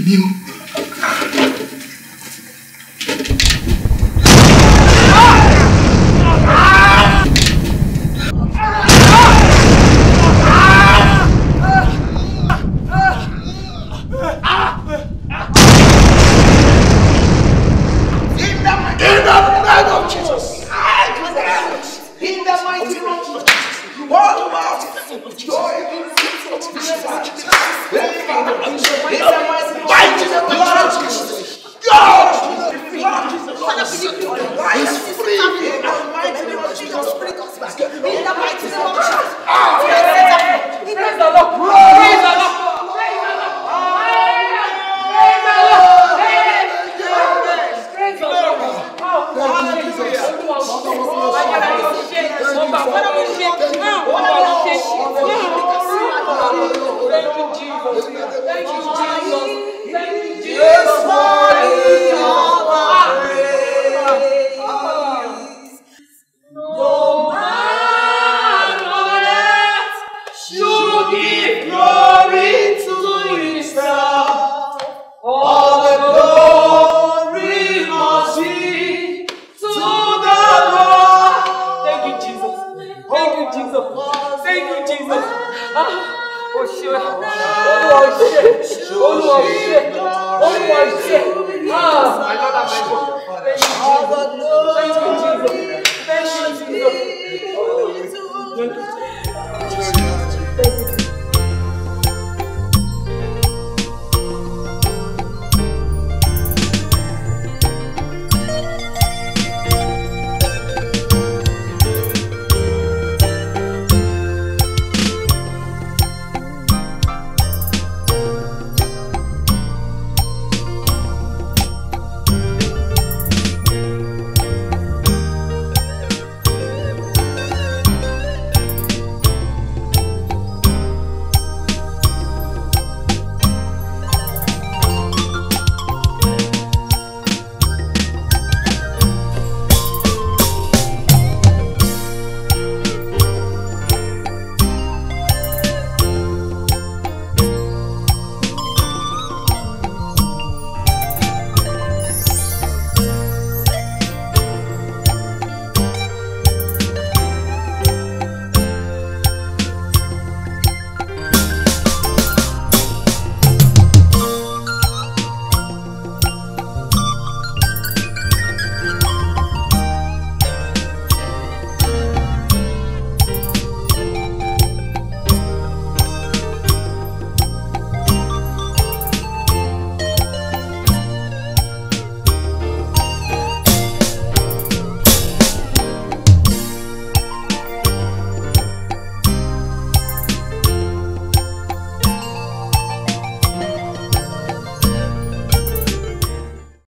mi Father, forgive me. Why is this happening? In the mighty name of Jesus, bring us back. In the mighty name of Jesus. Praise the Lord. Praise the Lord. Thank you, Jesus. Thank you, Jesus. Thank you, Jesus.